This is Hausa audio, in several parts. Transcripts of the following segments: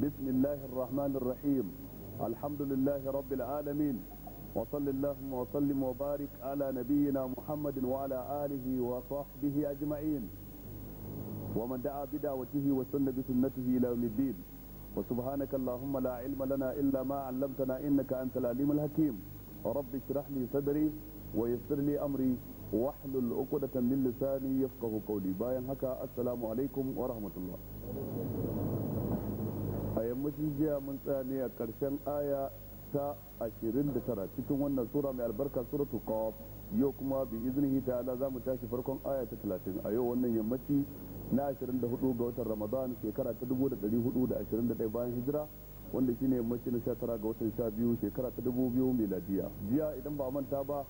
بسم الله الرحمن الرحيم الحمد لله رب العالمين وصل اللهم وسلم وبارك على نبينا محمد وعلى آله وصحبه أجمعين ومن دعا بدعوته وسن بسنته إلى يوم الدين وسبحانك اللهم لا علم لنا إلا ما علمتنا إنك أنت العليم الحكيم رب اشرح لي صدري ويسر لي أمري واحلل عقدة من لساني يفقه قولي باين هكا السلام عليكم ورحمة الله yammacin jiya mun tsaya ne a ƙarshen aya ta 29 cikin wannan sura mai albarka suratu qaf yau kuma bi iznihi ta'ala za mu tashi farkon aya ta 30 a yau wannan yammaci na 24 ga watan Ramadan shekara ta 1421 bayan hijira wanda shine yammaci na 19 ga watan 12 shekara ta 2000 miladiya jiya idan ba manta ba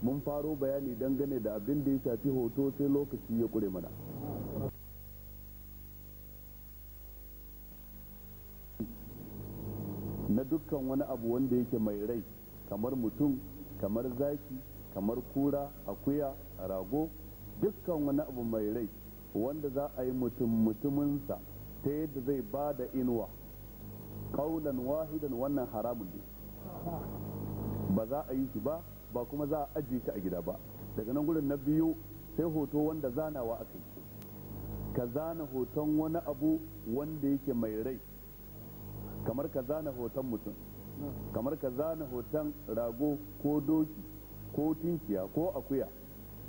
mun faro bayani dangane da abin da ya shafi hoto sai lokaci ya kure mana na dukkan wani abu wanda yake mai rai kamar mutum kamar zaki kamar kura akuya rago dukkan wani abu mai rai wanda za a yi mutum mutuminsa ta yadda zai ba da inuwa kaulan wahidan wannan haramun ne ba za a yi shi ba ba kuma za a ajiye shi a gida ba daga nan gudun na biyu sai hoto wanda zanawa a kai ka zana hoton wani abu wanda yake mai rai kamar ka zana hoton mutum kamar ka zana hoton rago ko doki ko tunkiya ko akuya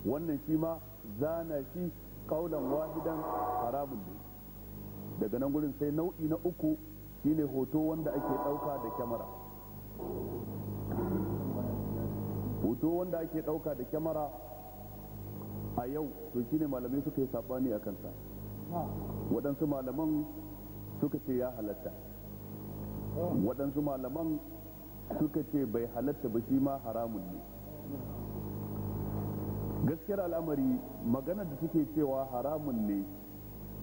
wannan shi ma zana shi kaulan wahidan haramun ne daga nan gurin sai nau'i na uku shine hoto wanda ake ɗauka da kyamara hoto wanda ake ɗauka da kyamara a yau to shine malamai suka yi saɓani a kansa waɗansu malaman suka ce ya halatta waɗansu malaman suka ce bai halatta ba shi ma haramun ne gaskiyar al'amari maganar da suke cewa haramun ne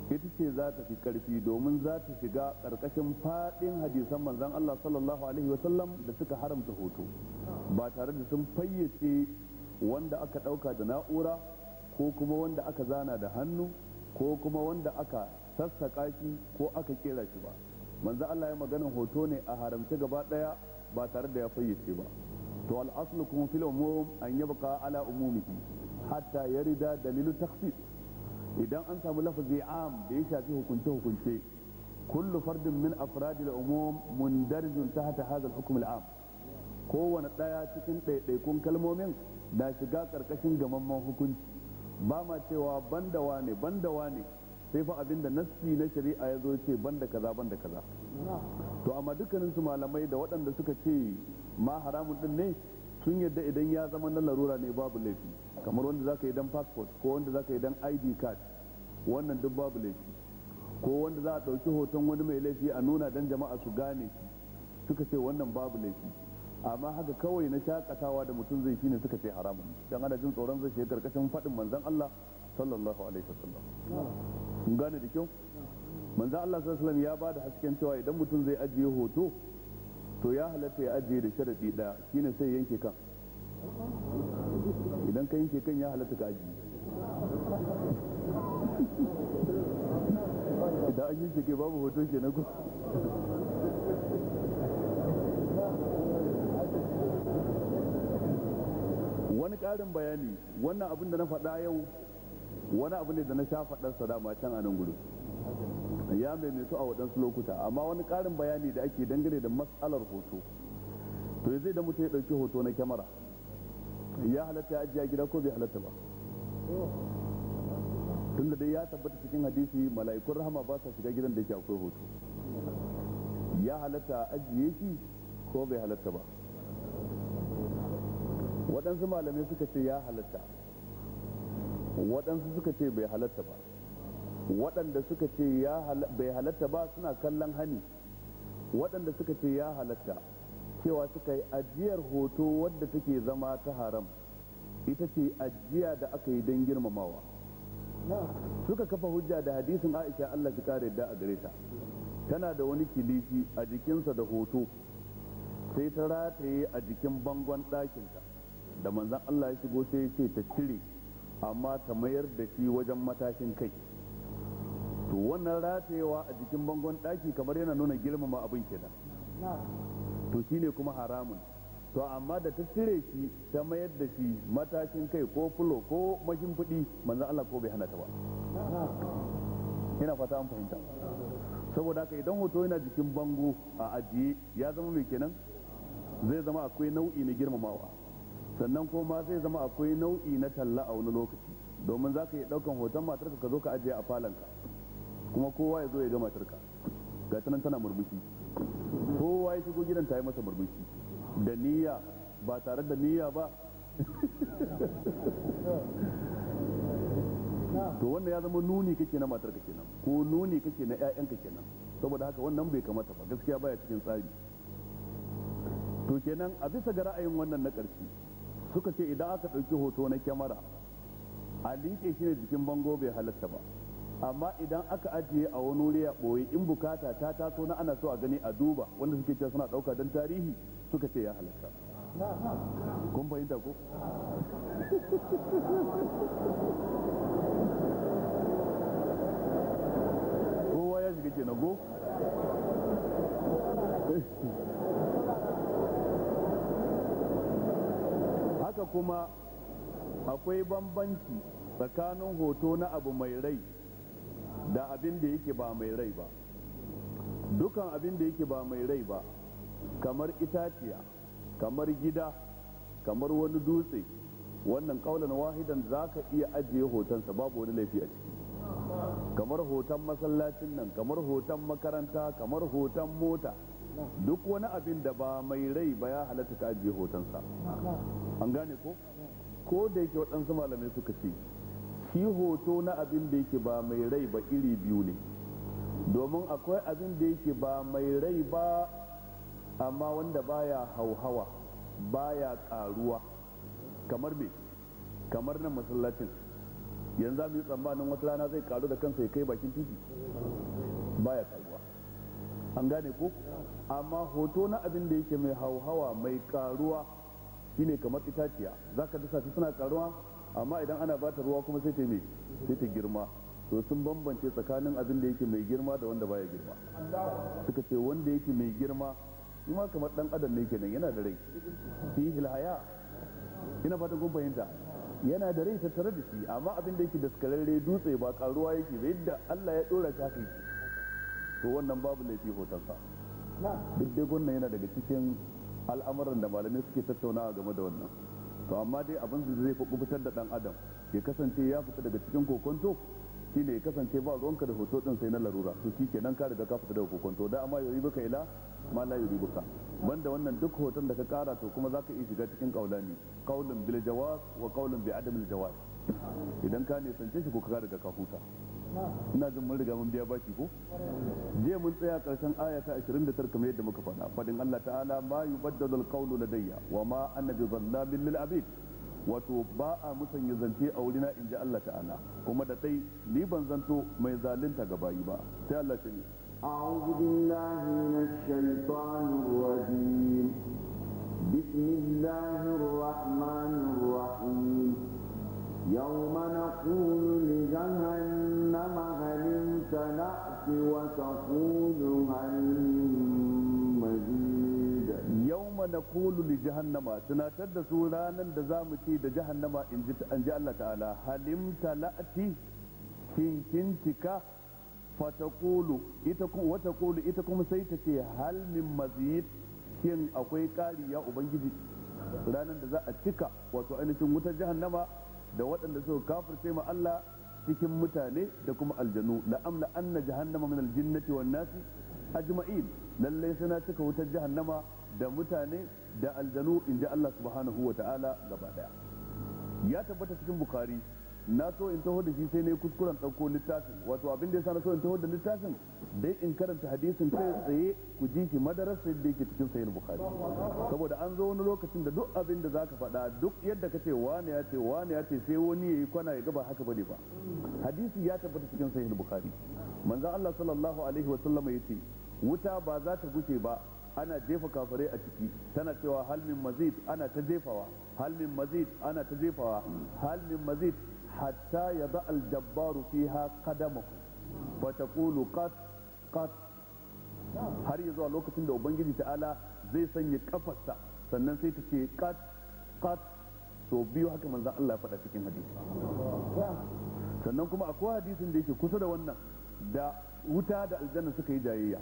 ita ce za ta fi ƙarfi domin za ta shiga ƙarƙashin faɗin hadisan manzan Allah sallallahu alaihi wasallam da suka haramta hoto ba tare da sun fayyace wanda aka ɗauka da na'ura ko kuma wanda aka zana da hannu ko kuma wanda aka sassaƙa shi ko aka kera shi ba manzo Allah ya maganan hoto ne a haramce gaba daya ba tare da ya fayyace ba to al aslu kun fil umum an yabqa ala umumihi hatta yarida dalilu takhsis idan an samu lafazi am da ya shafi hukunce hukunce kullu fardin min afradi al umum mundarijun tahta hadha al hukm al am kowane daya cikin ɗaiɗaikun kalmomin da shiga karkashin gamamman hukunci ba ma cewa bandawa ne bandawa ne sai fa abin da nassi na shari'a ya zo ce banda kaza banda kaza to amma dukkanin su malamai da waɗanda suka ce ma haramun din ne sun yadda idan ya zama na larura ne babu laifi kamar wanda zaka yi dan passport ko wanda zaka yi dan ID card wannan duk babu laifi ko wanda za a ɗauki hoton wani mai laifi a nuna dan jama'a su gane shi suka ce wannan babu laifi amma haka kawai na shakatawa da mutum zai shine suka ce haramun dan ana jin tsoron zai shiga karkashin faɗin manzon Allah sallallahu alaihi wasallam kun gane da kyau manzo Allah sallallahu ya ba da hasken cewa idan mutum zai ajiye hoto to ya halatta ya ajiye da sharadi ɗaya shine sai yanke kan idan ka yanke kan ya halatta ka ajiye idan an yanke ke babu hoto ke na wani ƙarin bayani wannan abin da na faɗa yau wani abu ne da na sha faɗarsa dama can a nan gudu ya mai a waɗansu lokuta amma wani ƙarin bayani da ake dangane da matsalar hoto to zai da mutum ya ɗauki hoto na kyamara ya halatta ya ajiye gida ko bai halatta ba tunda dai ya tabbata cikin hadisi mala'ikun rahama ba sa shiga gidan da yake akwai hoto ya halatta ajiye shi ko bai halatta ba waɗansu malamai suka ce ya halatta waɗansu suka ce bai halatta ba waɗanda suka ce bai halatta ba suna kallon hani waɗanda suka ce ya halatta cewa suka yi ajiyar hoto wadda take zama ta haram ita ce ajiya da aka yi don girmamawa suka kafa hujja da hadisin aisha allah shi kare da a gare ta tana da wani kilishi a jikinsa da hoto sai ta rataye a jikin bangon ɗakinta da manzan allah ya shigo sai ya ce ta cire amma ta mayar da shi wajen matashin kai to wannan ratayewa a jikin bangon ɗaki kamar yana nuna girmama abin kenan to shine kuma haramun to amma da ta cire shi ta mayar da shi matashin kai ko fulo ko mashimfiɗi manzan Allah ko bai hana ta ba ina fata an fahimta saboda haka idan hoto yana jikin bango a ajiye ya zama mai kenan zai zama akwai nau'i na girmamawa sannan kuma zai zama akwai nau'i na talla a wani lokaci domin za ka yi ɗaukan hoton matarka ka zo ka ajiye a falanka kuma kowa ya zo ya ga matarka ga tana murmushi kowa ya shigo gidan ta yi masa murmushi da niyya ba tare da niyya ba to wannan ya zama nuni kake na matarka kenan ko nuni kake na 'ya'yanka kenan saboda haka wannan bai kamata ba gaskiya baya cikin tsari to kenan a bisa ga ra'ayin wannan na ƙarshe suka ce idan aka ɗauki hoto na kyamara a liƙe shi ne jikin bango bai halatta ba amma idan aka ajiye a wani wuri a ɓoye in bukata ta taso na ana so a gani a duba wanda suke cewa suna ɗauka don tarihi suka ce ya halatta kun fahimta ko shiga kuma akwai bambanci tsakanin hoto na abu mai rai da abin da yake ba mai rai ba dukan abin da yake ba mai rai ba kamar itaciya kamar gida kamar wani dutse wannan kaulan wahidan za ka iya ajiye hotonsa babu wani laifi a ciki kamar hoton masallacin nan kamar hoton makaranta kamar hoton mota duk wani abin da ba mai rai ba ya halatta ka ajiye hotonsa an gane ko ko da yake waɗansu malamai suka ce shi hoto na abin da yake ba mai rai ba iri biyu ne domin akwai abin da yake ba mai rai ba amma wanda baya hauhawa baya karuwa kamar me kamar nan masallacin yanzu mu yi tsammanin wata rana zai karu da kansa ya kai bakin titi baya karuwa an gane ko amma hoto na abin da yake mai hauhawa mai karuwa shine kamar itaciya zaka dasa su suna karuwa amma idan ana bata ruwa kuma sai ta me sai ta girma to sun bambance tsakanin abin da yake mai girma da wanda baya girma suka ce wanda yake mai girma shi kamar dan adam ne kenan yana da rai fi haya ina fatan kun fahimta yana da rai tattare da shi amma abin da yake daskararre dutse ba karuwa yake ba yadda Allah ya dora shi haka yake to wannan babu laifi hotonsa duk dai wannan yana daga cikin al'amuran da malamai suke tattaunawa game da wannan to amma dai abin da zai fitar da dan adam ya kasance ya fita daga cikin kokonto shi ne ya kasance ba ruwanka da hoto din sai na larura to shi kenan ka riga ka fita daga kokonto da amma yori baka ila ma la yori baka banda wannan duk hoton da ka kara to kuma zaka iya shiga cikin kaulani kaulun bil jawaz wa kaulun bi adamil jawaz idan ka sance shi ko ka riga ka huta ina jin mun riga mun biya baki ko je mun tsaya karshen aya ta 29 kamar yadda muka faɗa fadin Allah ta'ala ma yubaddalu alqawlu ladayya wa ma ana bi zallamin lil abid wato ba a musanya zance a wurina inji Allah ta'ala kuma da dai ni ban zanto mai zalunta ga bayi ba sai Allah ce ni a'udhu billahi minash الشيطان الرجيم bismillahir rahmanir rahim يوم نقول لجهنم هل امتلأت وتقول هل من مزيد يوم نقول da تناتد سورانا دزامتي دجهنم إن جاء الله تعالى هل امتلأت كنتك fatakulu ita wata kulu ita kuma sai ta halin hal akwai kariya ubangiji ranar da za a cika wato ainihin wutar jahannama da waɗanda suka kafirce ma Allah cikin mutane da kuma aljanu la amla anna jahannama min aljinnati wan nasi ajma'in lallai suna cika wutar jahannama da mutane da aljanu inji Allah subhanahu wa ta'ala gaba daya ya tabbata cikin bukhari na so in taho da shi sai ne kuskuren ɗauko littafin wato abin da ya na so in taho da littafin dai in karanta hadisin kai tsaye ku ji shi madarar sai da yake cikin sayin bukhari saboda an zo wani lokacin da duk abin da zaka faɗa duk yadda ka ce wani ya ce wani ya ce sai wani ya yi kwana ya gaba haka bane ba hadisi ya tabbata cikin sayin bukhari manzon Allah sallallahu alaihi wa ya ce wuta ba za ta guce ba ana jefa kafirai a ciki tana cewa halmin mazid ana ta jefawa halmin mazid ana ta jefawa halmin mazid hatta ya ba aljabbaru fiha qadamahu wa taqulu qat qat har ya zuwa lokacin da ubangiji ta'ala zai sanya kafarsa sannan sai ta ce qat qat so biyu haka manzon Allah ya faɗa cikin hadisi sannan kuma akwai hadisin da yake kusa da wannan da wuta da aljanna suka yi jayayya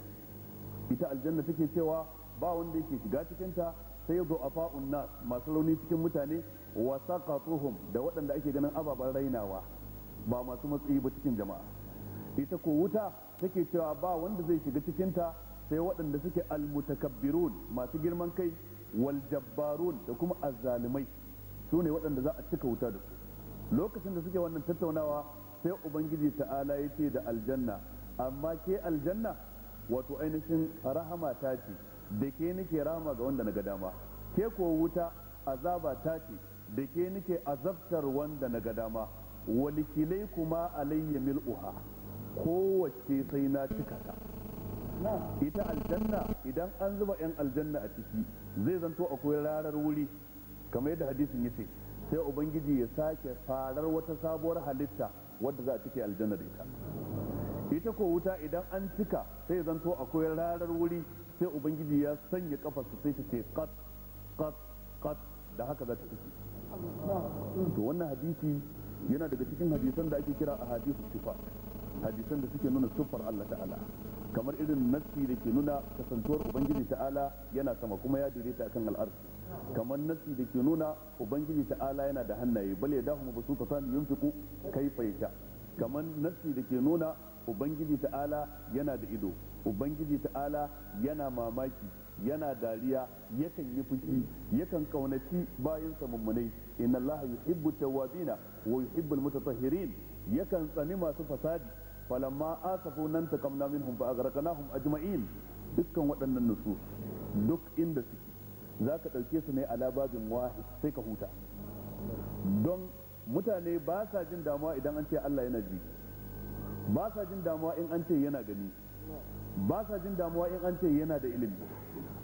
ita aljanna take cewa ba wanda yake shiga cikinta sai zo a fa'un nas masu launi cikin mutane wa saqatuhum da waɗanda ake ganin ababen rainawa ba masu matsayi ba cikin jama'a ita ko wuta take cewa ba wanda zai shiga cikin ta sai waɗanda suke almutakabbirun masu girman kai wal jabbarun da kuma azzalimai su ne waɗanda za a cika wuta da su lokacin da suke wannan tattaunawa sai ubangiji ta'ala ya ce da aljanna amma ke aljanna wato ainihin rahama ta ce da ke nake rahama ga wanda na ga dama ke ko wuta azaba ta ce da ke nake azabtar wanda na ga dama walikilai kuma alayya mil'uha kowace sai na cika ta ita aljanna idan an zuba yan aljanna a ciki zai zanto akwai rarar wuri kamar yadda hadisin yace sai ubangiji ya sake farar wata sabuwar halitta wadda za a cike aljanna da ita ita ko wuta idan an cika sai zanto akwai rarar wuri sai ubangiji ya sanya su sai ta ce kat kat kat da haka za ta ciki to wannan hadisi yana daga cikin hadisan da ake kira a hadisu sifat hadisan da suke nuna siffar Allah ta'ala kamar irin nassi da ke nuna kasantuwar ubangiji ta'ala yana sama kuma ya daidaita akan al'arsu kamar nassi da ke nuna ubangiji ta'ala yana da hannaye bal ya dahu basu ta sani yunfiku kai faita kamar nassi da ke nuna ubangiji ta'ala yana da ido ubangiji ta'ala yana mamaki yana dariya yakan yi fushi yakan kaunaci bayansa mummunai inna Allah yuhibbu tawwabina wa yuhibbu almutatahhirin yakan tsani masu fasadi falamma asafu nan takamna minhum fa aghraqnahum ajma'in dukkan waɗannan nusu duk inda suke zaka dauke su ne a lababin wahid sai ka huta don mutane ba sa jin damuwa idan an ce Allah yana ji ba sa jin damuwa in an ce yana gani ba sa jin damuwa in an ce yana da ilimi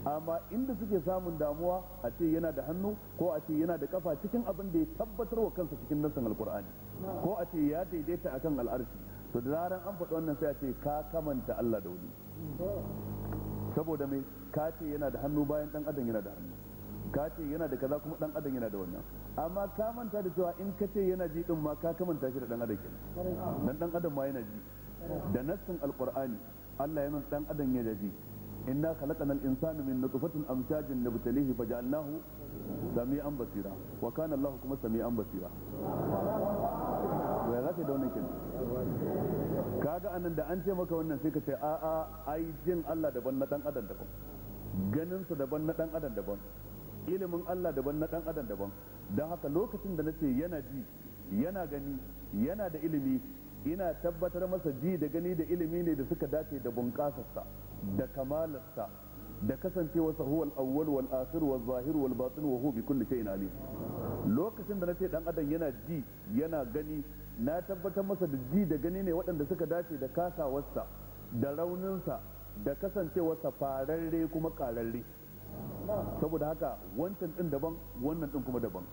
amma inda suke samun damuwa a ce yana da hannu ko a ce yana da kafa cikin abin da ya tabbatar wa kansa cikin nasan alkur'ani ko a ce ya daidaita akan al'arshi to da zaran an faɗi wannan sai a ce ka kamanta Allah da wani saboda mai ka ce yana da hannu bayan dan adam yana da hannu ka ce yana da kaza kuma dan adam yana da wannan amma ka manta da cewa in ka ce yana ji din ma ka kamanta shi da dan adam kenan dan dan adam ma yana ji da nassin alkur'ani Allah ya nuna dan adam yana ji inna khalaqnal insana min nutfatin amshajin nabtalihi faj'alnahu sami'an basira wa kana Allahu kuma sami'an basira wa zaka da wannan kin kaga anan da an ce maka wannan sai ka ce a a ai jin Allah daban na dan adam daban ganin sa daban na dan adam daban ilimin Allah daban na dan adam daban dan haka lokacin da nace yana ji yana gani yana da ilimi ina tabbatar masa ji da gani da ilimi ne da suka dace da bunƙasarsa da kamalarsa da kasancewarsa sahuwal awwal wal akhir wal zahir wal batin wa huwa bi kulli shay'in alim lokacin da nace dan adam yana ji yana gani na tabbatar masa da ji da gani ne waɗanda suka dace da kasawarsa da rauninsa da kasancewarsa fararre kuma kararre saboda haka wancan din daban wannan din kuma daban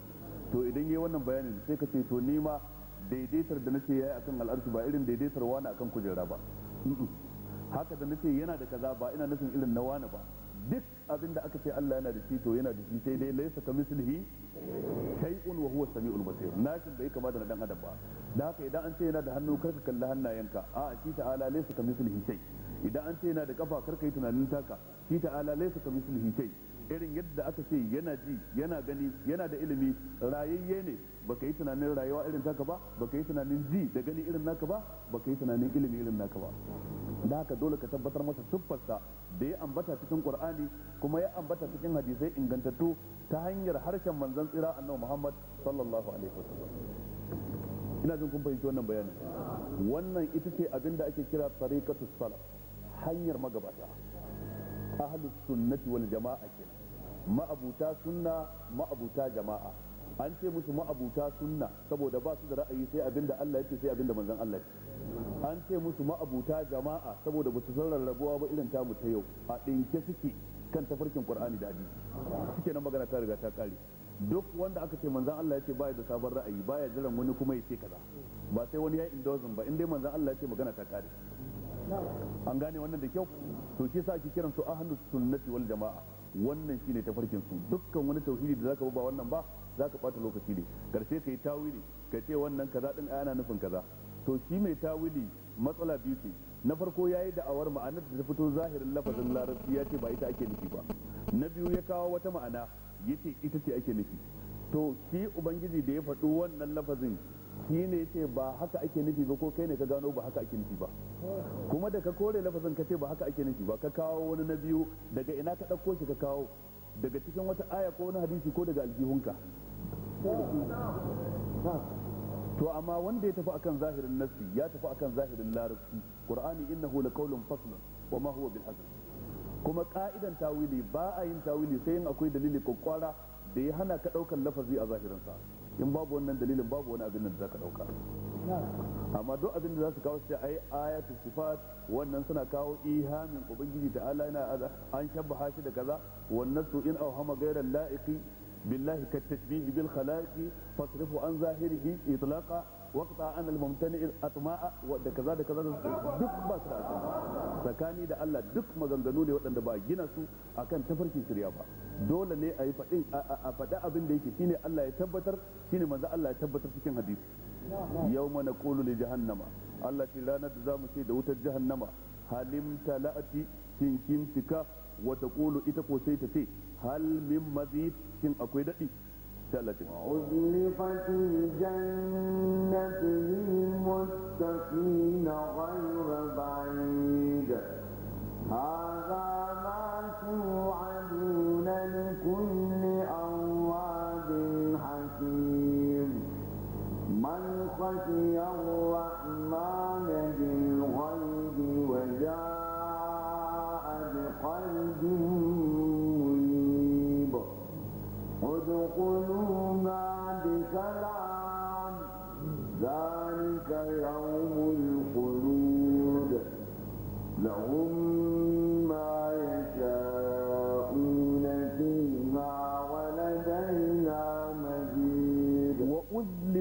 to idan yayi wannan bayanin sai ka ce to nima daidaitar da nace yayi akan al'arsu ba irin daidaitar wani akan kujera ba haka da nace yana da kaza ba ina nufin irin na wani ba duk abin da aka ce Allah yana da shi to yana da shi sai dai laisa ka mislihi shay'un wa huwa samiul basir nashin bai kama da dan adam ba da haka idan an ce yana da hannu karka kalli hannayenka a shi ta'ala laisa ka mislihi shay idan an ce yana da kafa karka yi tunanin taka shi ta'ala laisa ka mislihi shay irin yadda aka ce yana ji yana gani yana da ilimi rayayye ne baka yi tunanin rayuwa irin taka ba baka yi tunanin ji da gani irin naka ba baka yi tunanin ilimi irin naka ba da haka dole ka tabbatar masa siffarsa da ya ambata cikin qur'ani kuma ya ambata cikin hadisai ingantattu ta hanyar harshen manzon tsira annabi muhammad sallallahu alaihi wasallam ina jin kun fahimci wannan bayanin wannan ita ce abin da ake kira tariqatus salaf hanyar magabata ahlus sunnati wal jama'a kenan ma'abuta sunna ma'abuta jama'a an ce musu ma'abuta sunna saboda ba su da ra'ayi sai abinda Allah yake sai abinda manzon Allah yake an ce musu ma'abuta jama'a saboda ba su san rarrabuwa ba irin tamu ta yau a dinke suke kan tafarkin Qur'ani da hadisi suke nan magana ta riga ta kare duk wanda aka ce manzon Allah yake baya da sabon ra'ayi baya jiran wani kuma ya ce kaza ba sai wani ya indozin ba in manzon Allah yake magana ta kare an gane wannan da kyau to shi sa ake kiran su ahlus sunnati wal jama'a wannan shi shine tafarkin su dukkan wani tauhidi da zaka ba wannan ba zaka bata lokaci ne karshe kai tawili ka ce wannan kaza din ana nufin kaza to shi mai tawili matsala biyu ce na farko yayi da'awar ma'anar da ta fito zahirin lafazin larabci ya ce ba ita ake nufi ba na biyu ya kawo wata ma'ana yace ita ce ake nufi to shi ubangiji da ya faɗo wannan lafazin shi ne ce ba haka ake nufi ba ko kai ne ka gano ba haka ake nufi ba kuma da ka kore lafazin ka ce ba haka ake nufi ba ka kawo wani na biyu daga ina ka ɗauko shi ka kawo daga cikin wata aya ko wani hadisi ko daga aljihunka to amma wanda ya tafi akan zahirin nassi ya tafi akan zahirin larabci qur'ani innahu laqawlun faslun wa ma huwa bil kuma ka'idan tawili ba a yin tawili sai in akwai dalili kwakwara da ya hana ka ɗaukan lafazi a zahirin sa. in babu wannan dalilin babu wani abin da za ka ɗauka amma duk abin da za su kawo sai ai ayatu sifat wannan suna kawo ihamin ubangiji da ala yana an shabaha shi da kaza wannan su in auhama gairan laiqi billahi ka tashbihi bil khalaqi fasrifu an zahirihi itlaqa waqta an al mumtani al atma'a da kaza da kaza duk ba su da tsakani da Allah duk maganganu ne waɗanda ba gina su akan tafarkin shirya ba dole ne a yi faɗin a faɗi abin da yake shine Allah ya tabbatar shine manzo Allah ya tabbatar cikin hadisi yawma naqulu li jahannama Allah ce ranar da zamu ce da wutar jahannama halim talati kin kin tika wa taqulu ita ko sai ta ce hal min mazid kin akwai dadi talati uzlifat jannatu lil muttaqin ghayra ba'id hadha ma tu'ad لكل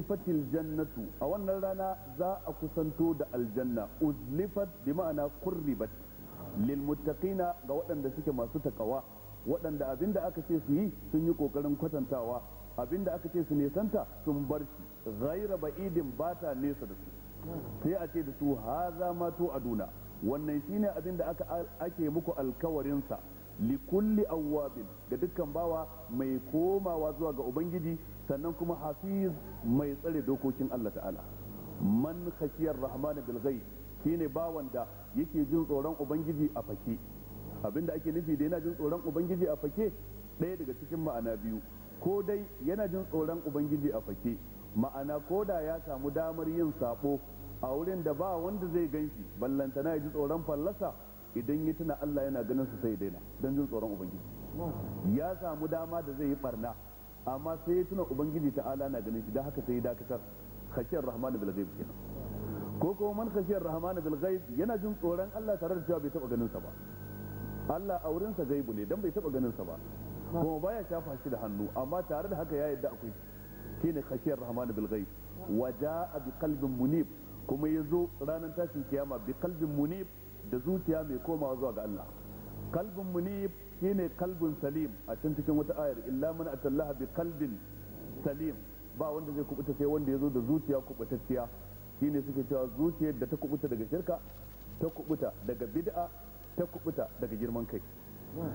uzlifatil jannatu a wannan rana za a kusanto da aljanna uzlifat bi ma'ana qurribat lil muttaqina ga waɗanda suke masu takawa waɗanda abinda aka ce su yi sun yi kokarin kwatantawa abinda aka ce su nesanta sun bar shi ba'idin ba ta nesa da su sai a ce da su haza ma to aduna wannan shine abinda aka ake muku alkawarin sa likulli awwabin ga dukkan bawa mai komawa zuwa ga ubangiji sannan kuma hafiz mai tsare dokokin Allah ta'ala man khashiyar rahmanu bil ghaib shine bawan da yake jin tsoron ubangiji a fake abinda ake nufi da yana jin tsoron ubangiji a fake ɗaya daga cikin ma'ana biyu ko dai yana jin tsoron ubangiji a fake ma'ana ko da ya samu damar yin sabo a wurin da ba wanda zai ganshi ballantana ya ji tsoron fallasa idan ya tuna Allah yana ganin su sai daina don jin tsoron ubangiji ya samu dama da zai yi barna amma sai ya tuna ubangiji ala na ganin shi don haka sai ya dakatar khashiyar rahman bil ghaib kenan ko kuma man khashiyar rahman bil ghaib yana jin tsoron Allah tare da cewa bai taba ganin sa ba Allah a wurin sa gaibu ne dan bai taba ganin sa ba kuma baya shafa shi da hannu amma tare da haka ya yadda akwai shine khashiyar rahman bil ghaib a bi qalbin munib kuma yazo ranar tashin kiyama bi qalbin munib da zuciya mai komawa zuwa ga Allah kalbin munib shine kalbin salim a can cikin wata ayar illa man atallaha bi kalbin salim ba wanda zai kubuta sai wanda ya zo da zuciya kubutacciya shine suke cewa zuciyar da ta kubuta daga shirka ta kubuta daga bid'a ta kubuta daga girman kai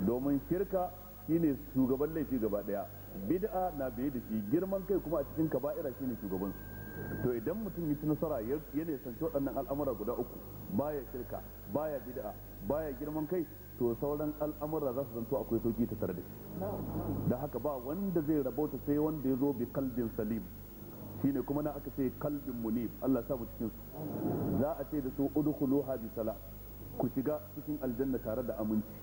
domin shirka shine shugaban laifi gaba daya bid'a na bai da shi girman kai kuma a cikin kaba'ira shine shugaban su to idan mutum yi ci nasara ya nisanci waɗannan al'amura guda uku baya shirka baya bid'a baya girman kai to sauran al'amura za su zanto akwai sauki ta tare da haka ba wanda zai rabauta sai wanda ya zo bi kalbin salim shine kuma na aka ce kalbin munib Allah sa mu cikin su za a ce da su udkhuluha bi sala ku shiga cikin aljanna tare da aminci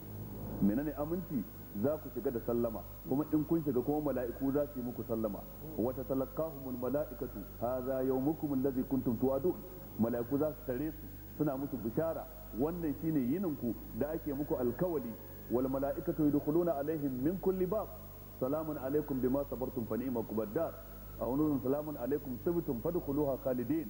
menene aminci za ku shiga da sallama kuma in kun shiga kuma mala'iku za su yi muku sallama wa tatalaqahumul mala'ikatu hadha yawmukum alladhi kuntum tu'adun mala'iku za su tare su suna musu bishara wannan shine yininku da ake muku alkawali wal mala'ikatu yadkhuluna alaihim min kulli bab salamun alaikum bima sabartum fa ni'ma kubaddar aw nurun salamun alaikum tibtum fadkhuluha khalidin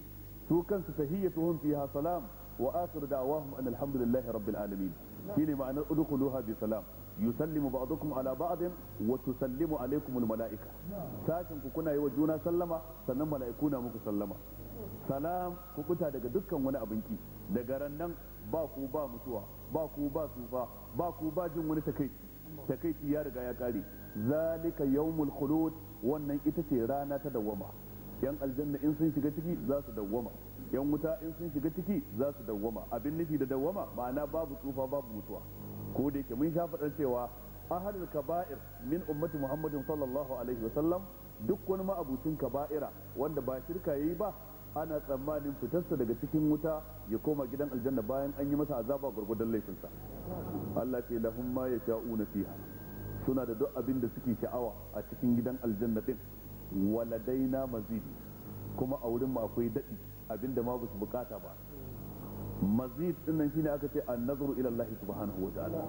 su kansu tahiyyatuhum fiha salam wa akhiru da'wahum an alhamdulillahi rabbil alamin shine ma'anar udkhuluha bi salam yusallimu ba'dukum ala ba'din wa tusallimu alaikumul mala'ika sashin ku kuna yi wa juna sallama sannan mala'iku na muku sallama salam ku kuta daga dukkan wani abinki daga rannan ba ku ba mutuwa ba ku ba tsufa ba ku ba jin wani takaici takaici ya riga ya kare zalika yawmul khulud wannan ita ce rana ta dawwama yan aljanna in sun shiga ciki za su dawwama yan wuta in sun shiga ciki za su dawwama abin nufi da dawwama ma'ana babu tsufa babu mutuwa ko da yake mun sha faɗar cewa ahalul kaba'ir min ummati muhammadin sallallahu alaihi wasallam duk wani ma'abucin kaba'ira wanda ba shirka yayi ba ana tsammanin fitarsa daga cikin wuta ya koma gidan aljanna bayan an yi masa azaba laifin laifinsa Allah ce lahum ma yasha'una fiha suna da duk abin da suke sha'awa a cikin gidan aljanna din waladaina mazidi kuma a wurin mu akwai dadi abinda ma ba su bukata ba mazid dinnan shine aka ce an-nazaru ila Allah subhanahu wataala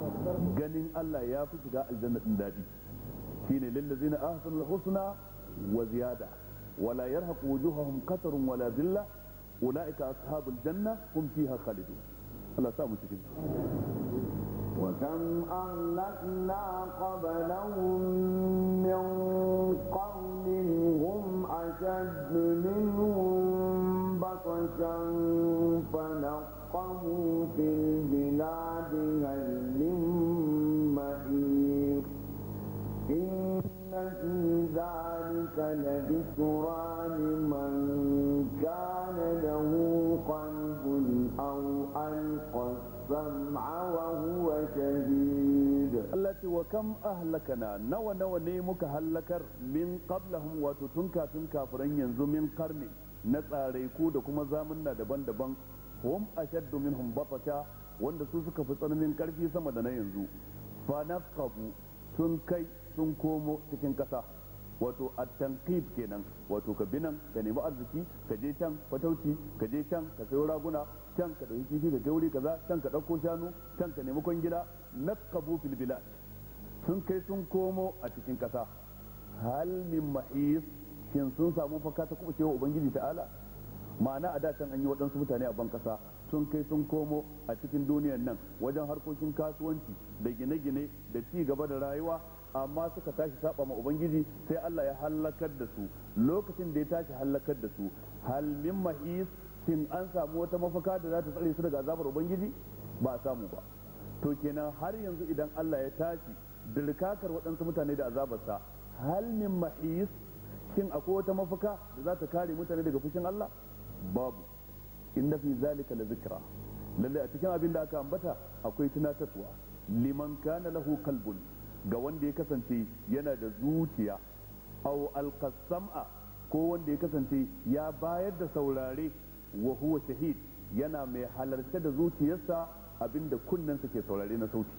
ganin Allah ya fi shiga aljanna din dadi shine lillazina ahsanul husna wa ziyada wala yarhaqu wujuhahum qatarun wala dhilla ulaika ashabul janna hum fiha khalidun Allah sa mu cikin وكم أهلكنا قبلهم من قرن هم أشد منهم بطشا فنقوا Ƙamnati biyar da zan yi mafi yadda na siya zan kalli mafi yadda na biyu mafi na shi da zan kalli mafi yadda na shi da hukumar da ya fi kalli mafi yadda na yi da ya fi kalli mafi hum ashaddu minhum batasha wanda su suka fi tsananin karfi sama da na yanzu fa naqabu sun kai sun komo cikin kasa wato a tankib kenan wato ka binan ka nemi arziki ka je can fatauci ka je can ka sayo raguna can ka dauki kifi ka kai wuri kaza can ka dauko shanu can ka nemi kwangila naqabu fil bilad sun kai sun komo a cikin kasa hal min ma'is shin sun samu faka ta kuma wa ubangiji ta'ala ma'ana a dacen an yi waɗansu mutane a bankasa sun kai sun komo a cikin duniyar nan wajen harkokin kasuwanci da gine-gine da ci gaba da rayuwa amma suka tashi saba ma ubangiji sai Allah ya halakar da su lokacin da ya tashi halakar da su hal min mahis shin an samu wata mafaka da za ta tsare su daga azabar ubangiji ba a samu ba to kenan har yanzu idan Allah ya tashi dirkakar waɗansu mutane da azabarsa hal min mahis shin akwai wata mafaka da za ta kare mutane daga fushin Allah babu inda fi zalika la zikra lalle a cikin abin da aka ambata akwai tunatarwa liman kana lahu kalbun ga wanda ya kasance yana da zuciya aw alqasam'a ko wanda ya kasance ya bayar da saurare wa huwa shahid yana mai halarce da zuciyarsa abinda kunnensa ke saurare na sauti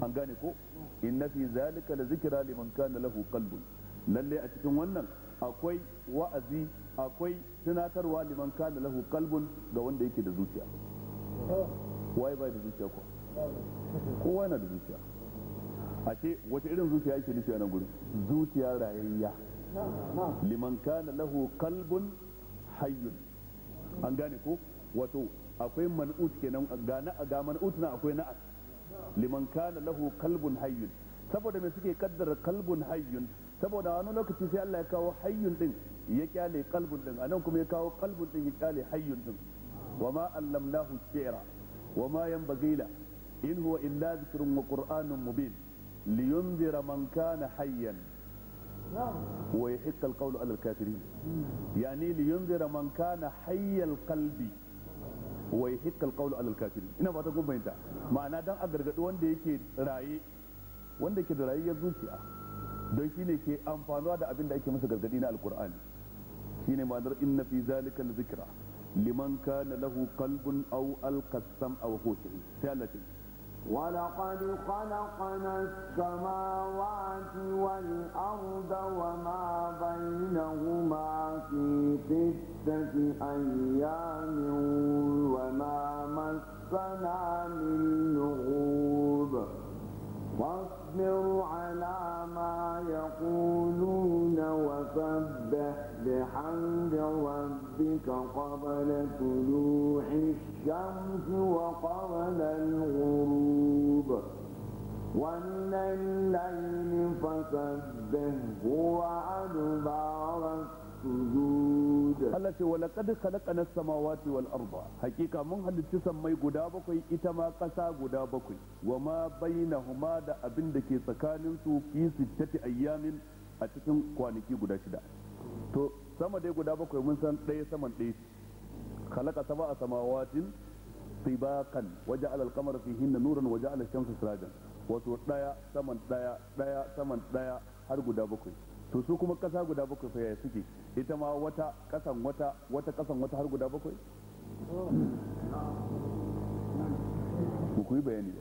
an gane ko inna fi zalika la zikra liman kana lahu qalbun lalle a cikin wannan akwai wa'azi akwai tunatarwa liman kana lahu kalbun ga wanda yake da zuciya wai bai da zuciya ko kowa yana da zuciya a ce wace irin zuciya yake nufi a nan gurin zuciya rayayya liman kana lahu kalbun hayyun an gane ko wato akwai man'ut kenan ga man'ut na akwai na'at liman kana lahu kalbun hayyun saboda me suke kaddara kalbun hayyun saboda wani lokaci sai Allah ya kawo hayyun din ya kyale kalbun din anan kuma ya kawo kalbun din ya kyale hayyun din wa ma allamnahu shi'ra wa ma yanbaghi in huwa illa dhikrun wa qur'anun mubin liyunzira man kana hayyan wa yahiqqa alqawlu ala alkafirin yani liyunzira man kana hayyal qalbi wa yahiqqa alqawlu ala alkafirin ina ba ta gumbayinta ma'ana dan a gargadi wanda yake raye wanda yake da rayuwar zuciya don shi ne ke amfanuwa da abin da ake masa gargadi na alkur'ani shi ne ma'anar inna fi zalika zikira liman kana lahu qalbun aw alqasam aw wa huwa shahid sai Allah ya ولقد خلقنا السماوات والأرض وما بينهما في ستة أيام وما مسنا من لغوب طلوع الشمس وقبل الغروب ومن الليل فسبه وأدبار السجود الله شو ولقد خلقنا السماوات والأرض حقيقة من هل تسمى قدابك إتما قسا قدابك وما بينهما دا أبن دكي سكاننسو في ستة أيام kwanaki guda قداشدا تو sama dai guda bakwai mun san ɗaya saman ɗaya خلق سبع سماوات طباقا وجعل القمر فيهن نورا وجعل الشمس سراجا shamsa sirajan wato daya saman daya daya saman daya har guda bakwai to su kuma kasa guda bakwai fa yaya suke ita ma wata kasan wata wata kasan wata har guda bakwai ku yi bayani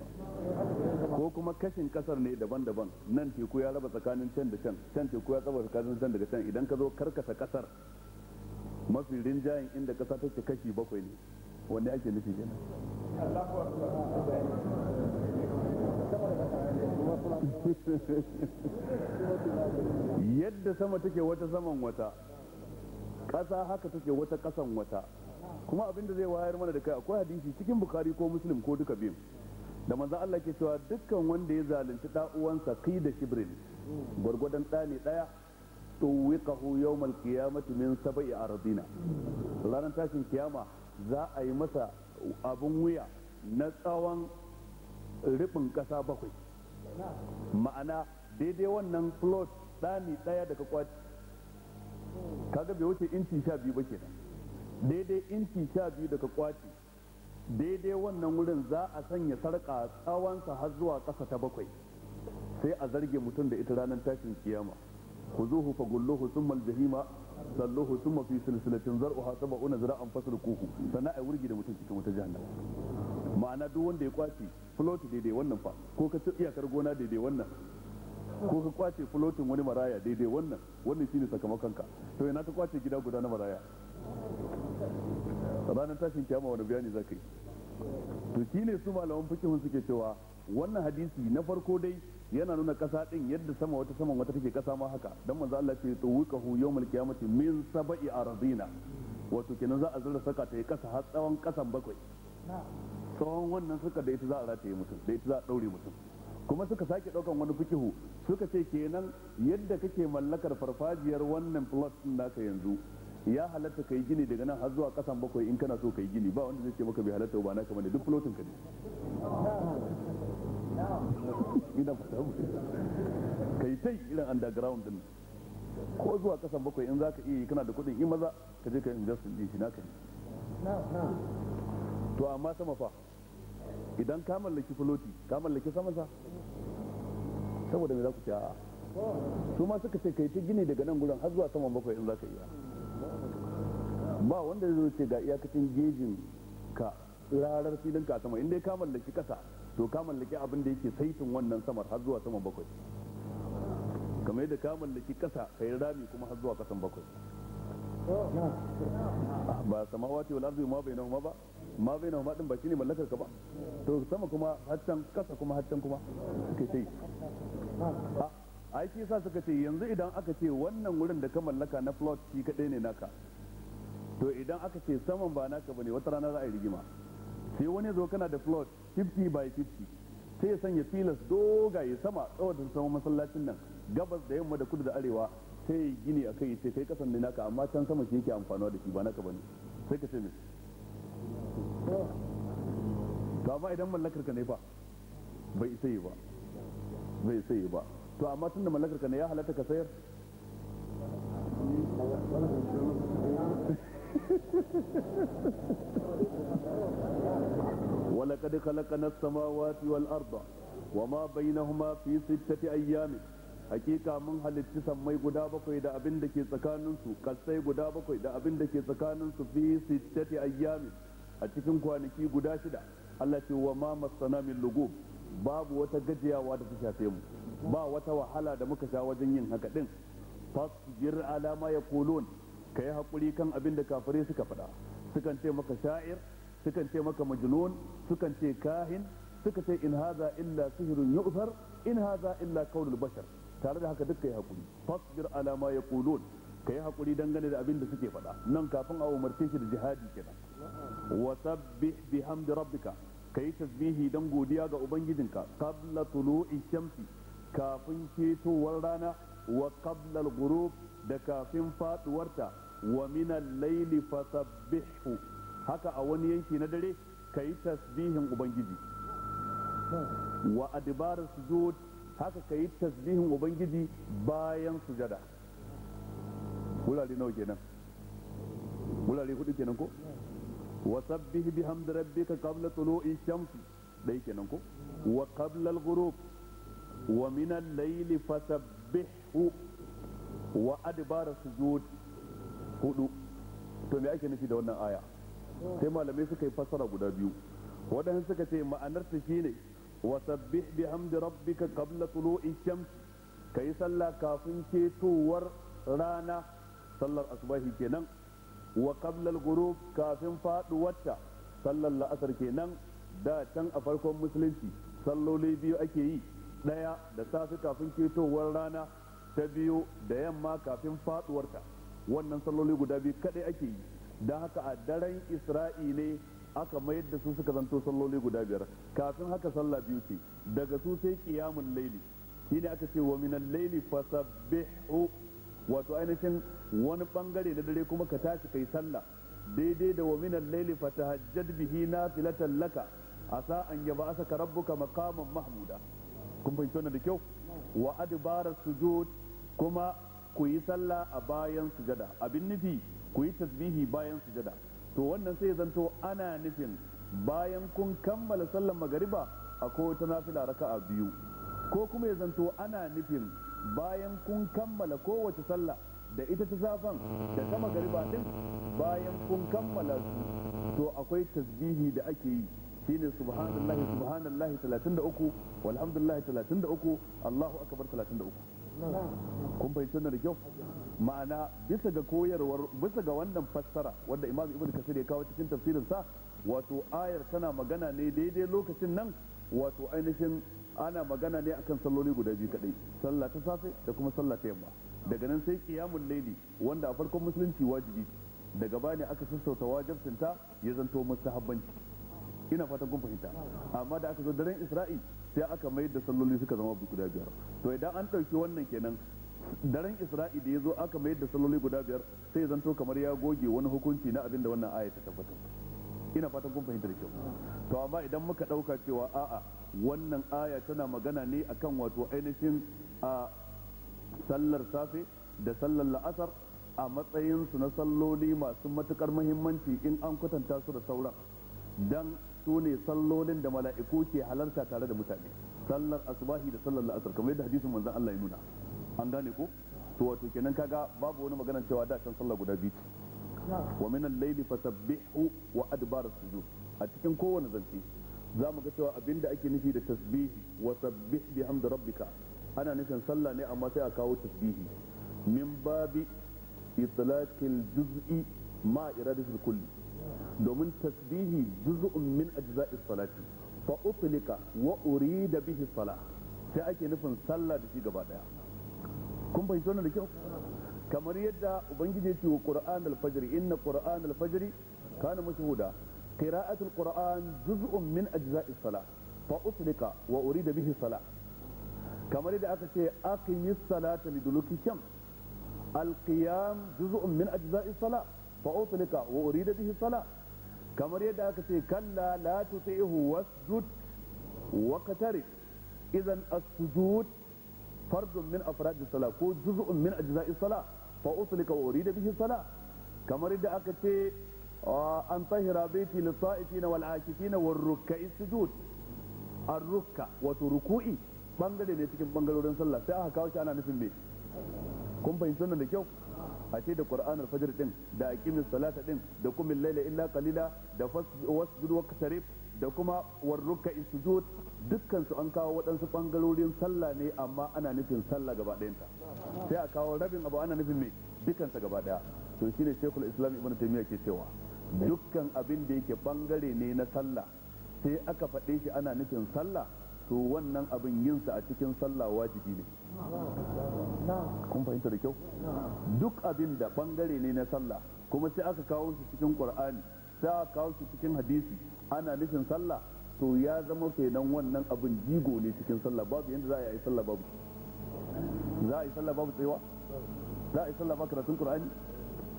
ba ko kuma kashin kasar ne daban-daban nan teku ya raba tsakanin can da can can teku ya raba tsakanin can daga can idan ka zo karkasa kasar mafi rinjayen inda kasa take kashi bakwai ne wanda ake nufi kenan yadda sama take wata saman wata ƙasa haka take wata kasan wata kuma abin da zai wayar mana da kai akwai hadisi cikin bukari ko muslim ko duka biyun da maza Allah ke cewa dukkan wanda ya zalunci ɗa'uwansa kai da shibrin gwargwadon ɗa ne ɗaya tuwiqahu yawmal qiyamati min sab'i arzina ranar tashin kiyama za a yi masa abin wuya na tsawon ribin kasa bakwai ma'ana daidai wannan plot tsami ɗaya daga kwaci kaga bai wuce inci sha biyu ba kenan daidai inci sha biyu daga kwaci daidai wannan wurin za a sanya sarƙa tsawonsa har zuwa ƙasa ta bakwai sai a zarge mutum da ita ranar tashin kiyama khuzuhu fagulluhu thumma aljahima salluhu thumma fi silsilatin zar'uha sab'una zira'an fasluquhu sannan ai wurgi da mutum cikin wata jahannama ma'ana duk wanda ya kwace float daidai wannan fa ko ka ci gona daidai wannan ko ka kwace floatin wani maraya daidai wannan wannan shine sakamakon ka to ina ka kwace gida guda na maraya ranar tashin kiyama wani bayani za ka yi to shine su malaman fikihun suke cewa wannan hadisi na farko dai yana nuna kasa din yadda sama wata saman wata take kasa ma haka dan manzo Allah ce to hu yawmal qiyamati min sab'i arzina wato kenan za a zura saka ta yi kasa har tsawon kasan bakwai tsawon wannan suka da ita za a rataye mutum da ita za a daure mutum kuma suka sake daukan wani fikihu suka ce kenan yadda kake mallakar farfajiyar wannan plot din naka yanzu ya halatta kai gini daga nan har zuwa kasan bakwai in kana so kai gini ba wanda zai ce maka bai halatta ba na kamar duk plotin ka ne ina fata kai tai irin underground din ko zuwa kasan bakwai in zaka iya yi kana da kuɗin in maza ka je ka invest din shi naka to amma sama fa idan ka mallaki fuloti ka mallaki saman sa saboda me za ku ci a'a su ma suka ce kai ta gini daga nan gudan har zuwa saman bakwai in zaka iya ba wanda zai ce ga iyakacin gejin ka rarar filin ka sama inda ya ka mallaki kasa to ka mallaki abin da yake saitin wannan samar har zuwa saman bakwai kamar yadda ka mallaki kasa kai rami kuma har zuwa kasan bakwai ba ce wala ardi ma ma ba ma ma din ba shine mallakar ka ba to sama kuma haccan kasa kuma haccan kuma kai sai a ah, yi yasa suka ce yanzu idan aka ce wannan wurin da ka mallaka na plot shi kadai ne naka to idan aka ce saman ba naka bane wata rana za a yi rigima sai wani zo kana da flood 50 by 50 sai ya sanya filas dogaye sama tsawatin sama masallacin nan gabas da yamma da kudu da arewa sai ya gini a kai sai kai kasan ne naka amma can sama shi yake amfanuwa da shi ba naka bane sai ka ce me to amma idan mallakar ka ne fa bai isa yi ba bai isa yi ba to amma tunda mallakar ka ne ya halatta ka sayar ولقد خلقنا السماوات والأرض وما بينهما في ستة أيام hakika mun halitti sammai guda bakwai da abin da ke tsakaninsu kasai guda bakwai da abin da ke tsakaninsu fi sittati ayyami a cikin kwanaki guda shida Allah ce wa ma masana min lugub babu wata gajiyawa da ta shafe mu ba wata wahala da muka sha wajen yin haka din fasbir ala ma yaqulun ka yi haƙuri kan abin da kafare suka faɗa sukan ce maka sha'ir sukan ce maka majnun sukan ce kahin suka ce in haza illa sihirun yu'far in haza illa qaulul bashar tare da haka duka yi haƙuri fasbir ala ma yaqulun ka yi haƙuri dangane da abin da suke faɗa nan kafin a umarce shi da jihadi kenan wa sabbih bihamdi rabbika ka yi tasbihi dan godiya ga ubangijinka qabla tulu'i shamsi kafin ketowar rana wa qabla al da kafin faduwarta wa minan laili fasabbihu haka a wani yanki na dare ka yi tasbihin ubangiji wa adbarar sujud haka ka yi tasbihin ubangiji bayan sujada wurare nawa kenan wurare hudu kenan ko wa sabbih bihamdi rabbika qabla tulu'i shamsi dai kenan ko wa qabla al-ghurub wa min al-layli fasabbihu wa adbara sujud hudu to me ake nufi da wannan aya sai malamai suka yi fassara guda biyu waɗansu suka ce ma'anar ta shine wasabbih bihamdi rabbika qabla tulu'i shams kai sallah kafin ketowar rana sallar asbahi kenan wa qabla al-ghurub kafin faɗuwarta sallar la'asar kenan da can a farkon musulunci salloli biyu ake yi daya da safe kafin ketowar rana ta biyu da yamma kafin faduwarta wannan salloli guda biyu kadai ake yi don haka a daren isra'i ne aka mayar da su suka zanto salloli guda biyar kafin haka sallah biyu ce daga su sai kiyamun laili shine aka ce wa minan laili fasabbihu wato ainihin wani bangare na dare kuma ka tashi kai sallah daidai da wa minan laili fatahajjad bihi nafilatan laka asa an ka rabbuka maqaman mahmuda kun fahimci da kyau wa adbara sujud kuma ku yi sallah a bayan sujada abin nufi ku yi tasbihi bayan sujada to wannan sai zanto ana nufin bayan kun kammala sallar magariba akwai ta nafila raka'a biyu ko kuma ya zanto ana nufin bayan kun kammala kowace sallah da ita ta safan da ta magariba din bayan kun kammala su to akwai tasbihi da ake yi shine subhanallahi subhanallahi 33 walhamdulillahi 33 Allahu akbar 33 kun fahimci da kyau ma'ana bisa ga koyarwar bisa ga wannan fassara wanda imam ibn kasir ya kawo cikin tafsirin sa wato ayar tana magana ne daidai lokacin nan wato ainihin ana magana ne akan salloli guda biyu kadai sallah ta safe da kuma sallah ta yamma daga nan sai qiyamul laili wanda a farkon musulunci wajibi daga bane aka sassauta ta ya zanto mustahabbanci ina fatan kun fahimta amma da aka zo daren isra'i sai aka mai da salloli suka zama guda biyar to idan an ɗauki wannan kenan daren isra'i da ya zo aka mai da salloli guda biyar sai zanto kamar ya goge wani hukunci na abin da wannan aya ta tabbatar ina fatan kun fahimta da kyau to amma idan muka ɗauka cewa a'a wannan aya tana magana ne akan wato ainihin a sallar safe da sallar la'asar a matsayinsu na salloli masu matukar muhimmanci in an kwatanta su da sauran dan su ne sallolin da mala'iku ke halarta tare da mutane sallar asubahi da sallar la'asar kamar yadda hadisin manzan Allah ya nuna an gane ko to wato kenan kaga babu wani magana cewa da can sallah guda biyu wa min al-layli fasabbihu wa adbar as-sujud a cikin kowane zance za mu ga cewa abinda ake nufi da tasbihi wa sabbih bihamdi rabbika ana nufin sallah ne amma sai a kawo tasbihi min babi itlaqil juz'i ma iradatul kulli domin tasbihi juz'un min ajza'is salati fa utlika wa urida bihi salah sai ake nufin sallah da shi gaba daya kun fahimci wannan da kyau kamar yadda ubangiji ya ce wa qur'an al-fajr inna qur'an al-fajr kana mashhuda qira'atul qur'an juz'un min ajza'is salah fa utlika wa urida bihi salah kamar yadda aka ce aqimis salata liduluki shams al-qiyam juz'un min ajza'is salah fa utlika wa urida bihi sala kamar yadda aka ce kalla la tuti'hu wasjud waqtarib idan as-sujud fardun min afradis sala ko juz'un min ajza'is sala fa utlika wa urida bihi sala kamar yadda aka ce an tahira baiti lis-sa'ifina wal-akifina war-rukka'i sujud ar-rukka wato ruku'i bangare ne cikin bangarorin sallah sai aka kawo shi ana nufin me kun fahimci wannan da kyau a ce da qur'anul fajr ɗin da aqimis salata ɗin da kumil laila illa qalila da wasjud waqtarib da kuma warruka sujud dukkan su an kawo waɗansu bangarorin sallah ne amma ana nufin sallah gaba ɗayanta sai a kawo rabin abu ana nufin me dukansa gaba ɗaya to shine shekul islam Ibn taymiya ke cewa dukkan abin da yake ɓangare ne na sallah sai aka faɗe shi ana nufin sallah to wannan abin yinsa a cikin sallah wajibi ne kun fahimta da kyau duk abin da bangare ne na sallah kuma sai aka kawo shi cikin qur'ani sai aka kawo shi cikin hadisi ana nufin sallah to ya zama kenan wannan abin jigo ne cikin sallah babu yadda za a yi sallah babu za a yi sallah babu tsayawa za a yi sallah babu karatun qur'ani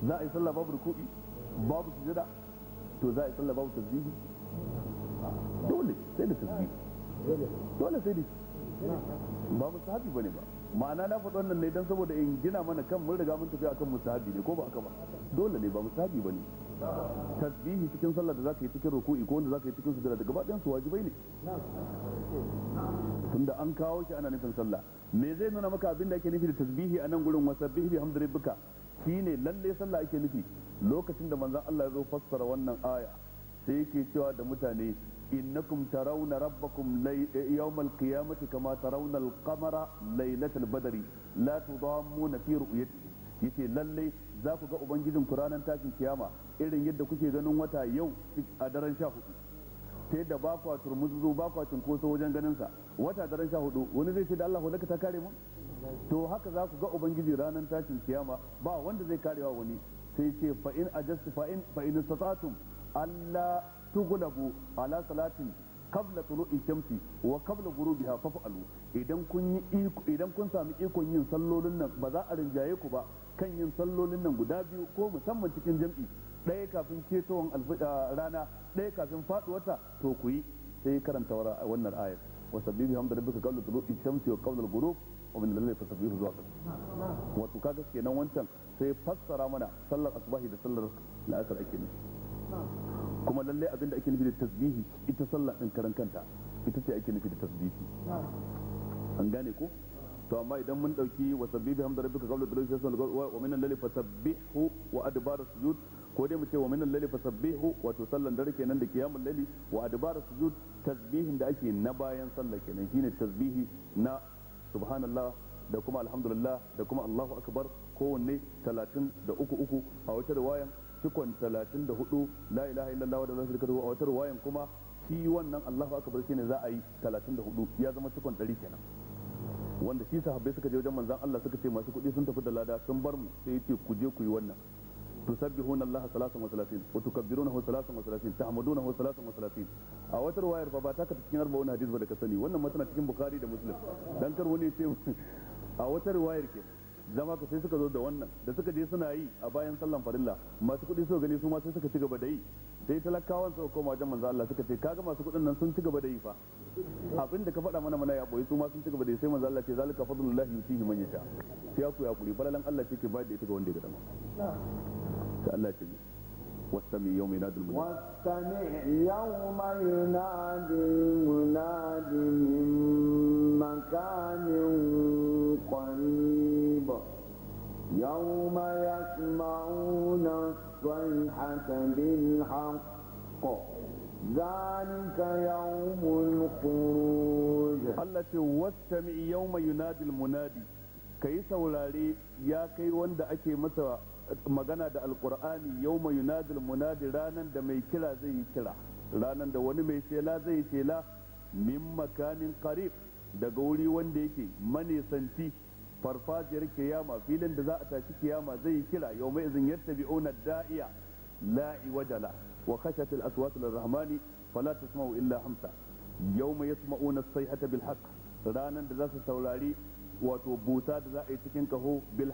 za a yi sallah babu ruku'i babu sujada to za a yi sallah babu tasbihi dole sai da tasbihi dole sai da shi ba musahabi bane ba ma'ana na faɗi wannan ne dan saboda in gina mana kan mun riga mun tafi akan musahabi ne ko ba aka ba dole ne ba musahabi bane tasbihi cikin sallah da zaka yi cikin ruku'i ko wanda zaka yi cikin sujada da gaba su wajibai ne tunda an kawo shi ana nufin sallah me zai nuna maka abin da ake nufi da tasbihi a nan gurin wasabbihi bihamdi rabbika shine lalle sallah ake nufi lokacin da manzon Allah ya zo fassara wannan aya sai yake cewa da mutane innakum tarawna rabbakum yawm al-qiyamati kama tarawna al-qamara laylatal badri la tudammuna fi ru'yatihi yace lalle za ku ga ubangijin ku ranar tashin kiyama irin yadda kuke ganin wata yau a daren sha hudu ta yadda ba kwa turmuzu ba kwa cinkoso wajen ganin sa wata daren sha hudu wani zai ce da Allah hulaka ta kare mu to haka za ku ga ubangiji ranar tashin kiyama ba wanda zai karewa wani sai ce fa in ajastu fa in fa in Allah tughlabu ala salatin qabla tulu'i shamsi wa qabla ghurubiha faf'alu idan kun yi idan kun sami ikon yin sallolin nan ba za a rinjaye ku ba kan yin sallolin nan guda biyu ko musamman cikin jam'i ɗaya kafin ketowar rana ɗaya kafin faduwata to ku yi sai karanta wannan ayat wa sabbihi hamda rabbika qabla tulu'i shamsi wa qabla ghurub wa min al-layli fasabbihu zuwa to kaga kenan wancan sai fassara mana sallar asbahi da sallar la'asar ake ne kuma lalle abin da ake nufi da tasbihi ita sallah din karan kanta ita ce ake nufi da tasbihi an gane ko to amma idan mun dauki wa tasbihi hamda rabbika qabla tulu'i shamsi wa minan al fasabbihu wa adbar sujud ko dai mu ce wa minan laili fasabbihu wato sallan dare kenan da kiyamul lalli wa adbar sujud tasbihin da ake na bayan sallah kenan shine tasbihi na subhanallah da kuma alhamdulillah da kuma allahu akbar kowanne talatin da uku uku a wata riwayan cikon 34 la ilaha illallah wa la shirka lahu a wata ruwayan kuma shi wannan Allahu akbar shine za a yi 34 ya zama cikon 100 kenan wanda shi sahabbai suka je wajen manzan Allah suka ce masu kuɗi sun tafi da lada sun bar mu sai yace ku je ku yi wannan na تسبحون الله ثلاثا ta وتكبرونه na وثلاثين تحمدونه ثلاثا وثلاثين a watar wayar fa ba ta ka cikin arba'un hadis ba da ka sani wannan ma tana cikin bukari da musulun dan kar wani ce a watar wayar ke. zama ka sai suka zo da wannan da suka je suna yi a bayan sallan farilla masu kuɗi suka gani su ma sai suka ci gaba da yi sai talakawan suka koma wajen manzo Allah suka ce kaga masu kuɗin nan sun ci gaba da yi fa abin da ka faɗa mana mana ya boye su ma sun ci gaba da yi sai manzo Allah ce zalika fadlullahi yutihi man yasha sai ku ya kuri balalan Allah shi ke bayar da ita ga wanda ya ga dama Allah ya ce واستمع يوم ينادي المنادي واستمع يوم ينادي المنادي من مكان قريب يوم يسمعون الصيحة بالحق ذلك يوم الخروج التي واستمع يوم ينادي المنادي كيس ولاري يا كي وند أكي مسوى magana da alkur'ani yau mai yunadil munadi ranar da mai kira zai yi kira ranar da wani mai shela zai yi shela min makanin karib daga wuri wanda yake manisanti farfajiyar kiyama filin da za a tashi kiyama zai yi kira yau mai izin yadda bi'una da'iya la'i wajala wa kashatil aswatu lirrahmani fala tasma'u illa hamsa yau mai yasma'una sayhata bil haqq ranar da za su saurari wato busa da za a yi cikin kaho bil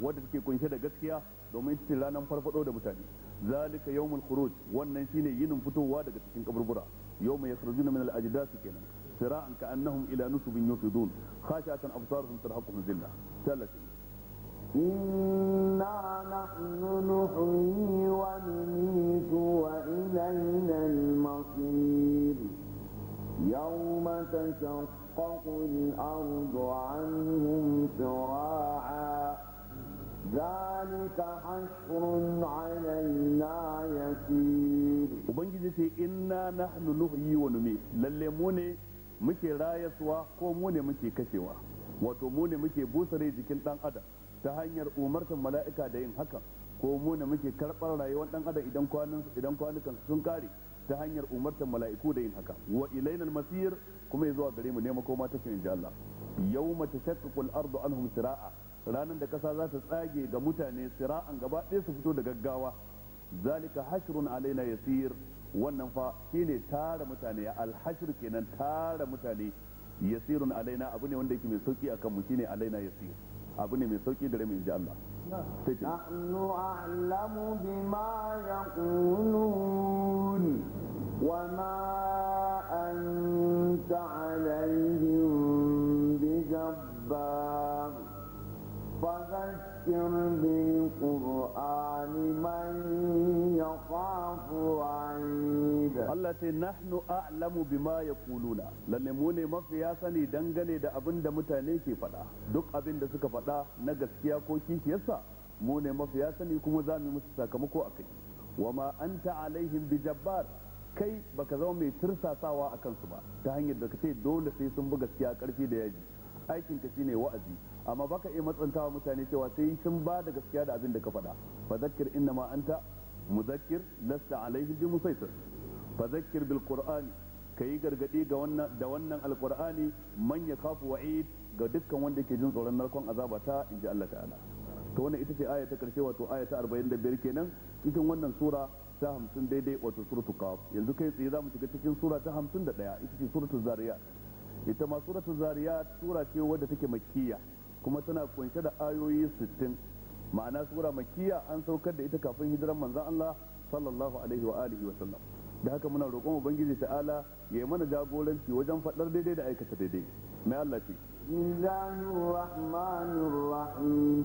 wadda take kunshe da gaskiya domin ita ranar farfado da mutane zalika yawmul khuruj wannan shine yinin fitowa daga cikin kaburbura yawma yakhrujuna min al-ajdas kenan sira'an ka'annahum ila nusubin yusidun khashatan absaruhum tarhaquhum zilla inna zillah tallati إنا نحن نحيي ونميت وإلينا المصير يوم تشقق الأرض عنهم سراعا ذلك ubangiji ce inna nahnu yi wa nume lalle mu ne muke rayaswa ko mu ne muke kashewa wato mu ne muke busare jikin dan adam ta hanyar umartar mala'ika da yin hakan ko mu ne muke karbar rayuwar dan adam idan kwanukan sun kare ta hanyar umartar mala'iku da yin haka wa ilainal masir kuma zuwa gare mu ne makoma take inji Allah yau tashaqqaqu al-ardu anhum sira'a ranar da kasa za ta tsage ga mutane sira'an gaba ɗaya su fito da gaggawa zalika hashrun alaina yasir wannan fa shine tara mutane alhashir kenan tara mutane yasirun alaina abu ne wanda yake mai sauki akan mu shine alaina yasir abu ne mai sauki gare mu inji Allah nahnu a'lamu bima yaqulun wa ma anta alaihim bijabbar فذكر بالقرآن من يخاف وعيد التي نحن أعلم بما يقولون للمون ما في ياسني دنغني دا أبن دا متانيكي فدا دك أبن دا سكا فدا نغس كيا كيش يسا مون ما في ياسني كمزامي مستساكا مكو أكي وما أنت عليهم بجبار kai baka zama mai tursasawa a kansu ba ta hanyar da ka ce dole sai sun buga gaskiya karfi da yaji aikinka shine wa'azi amma baka iya matsantawa mutane cewa sai sun ba da gaskiya da abin da ka faɗa fa zakkir inna ma anta muzakkir lasta alaihim bi musaitir fa zakkir bil qur'ani kai gargadi ga wannan da wannan alqur'ani man kafu wa'id ga dukkan wanda yake jin tsoron narkon azaba ta inji Allah ta'ala to wannan ita ce aya ta karshe wato aya ta 45 kenan cikin wannan sura ta 50 daidai wato suratu qaf yanzu kai tsaye zamu shiga cikin sura ta 51 ita ce suratu zariyat ita ma suratu zariyat sura ce wadda take makkiya kuma tana kunshe da ayoyi 60 ma'ana sura makiya an saukar da ita kafin hijiran manzan Allah sallallahu alaihi wa alihi wa sallam da haka muna roƙon ubangiji ta'ala ya yi mana jagoranci wajen faɗar daidai da aikata daidai mai Allah ce بسم الرحمن الرحيم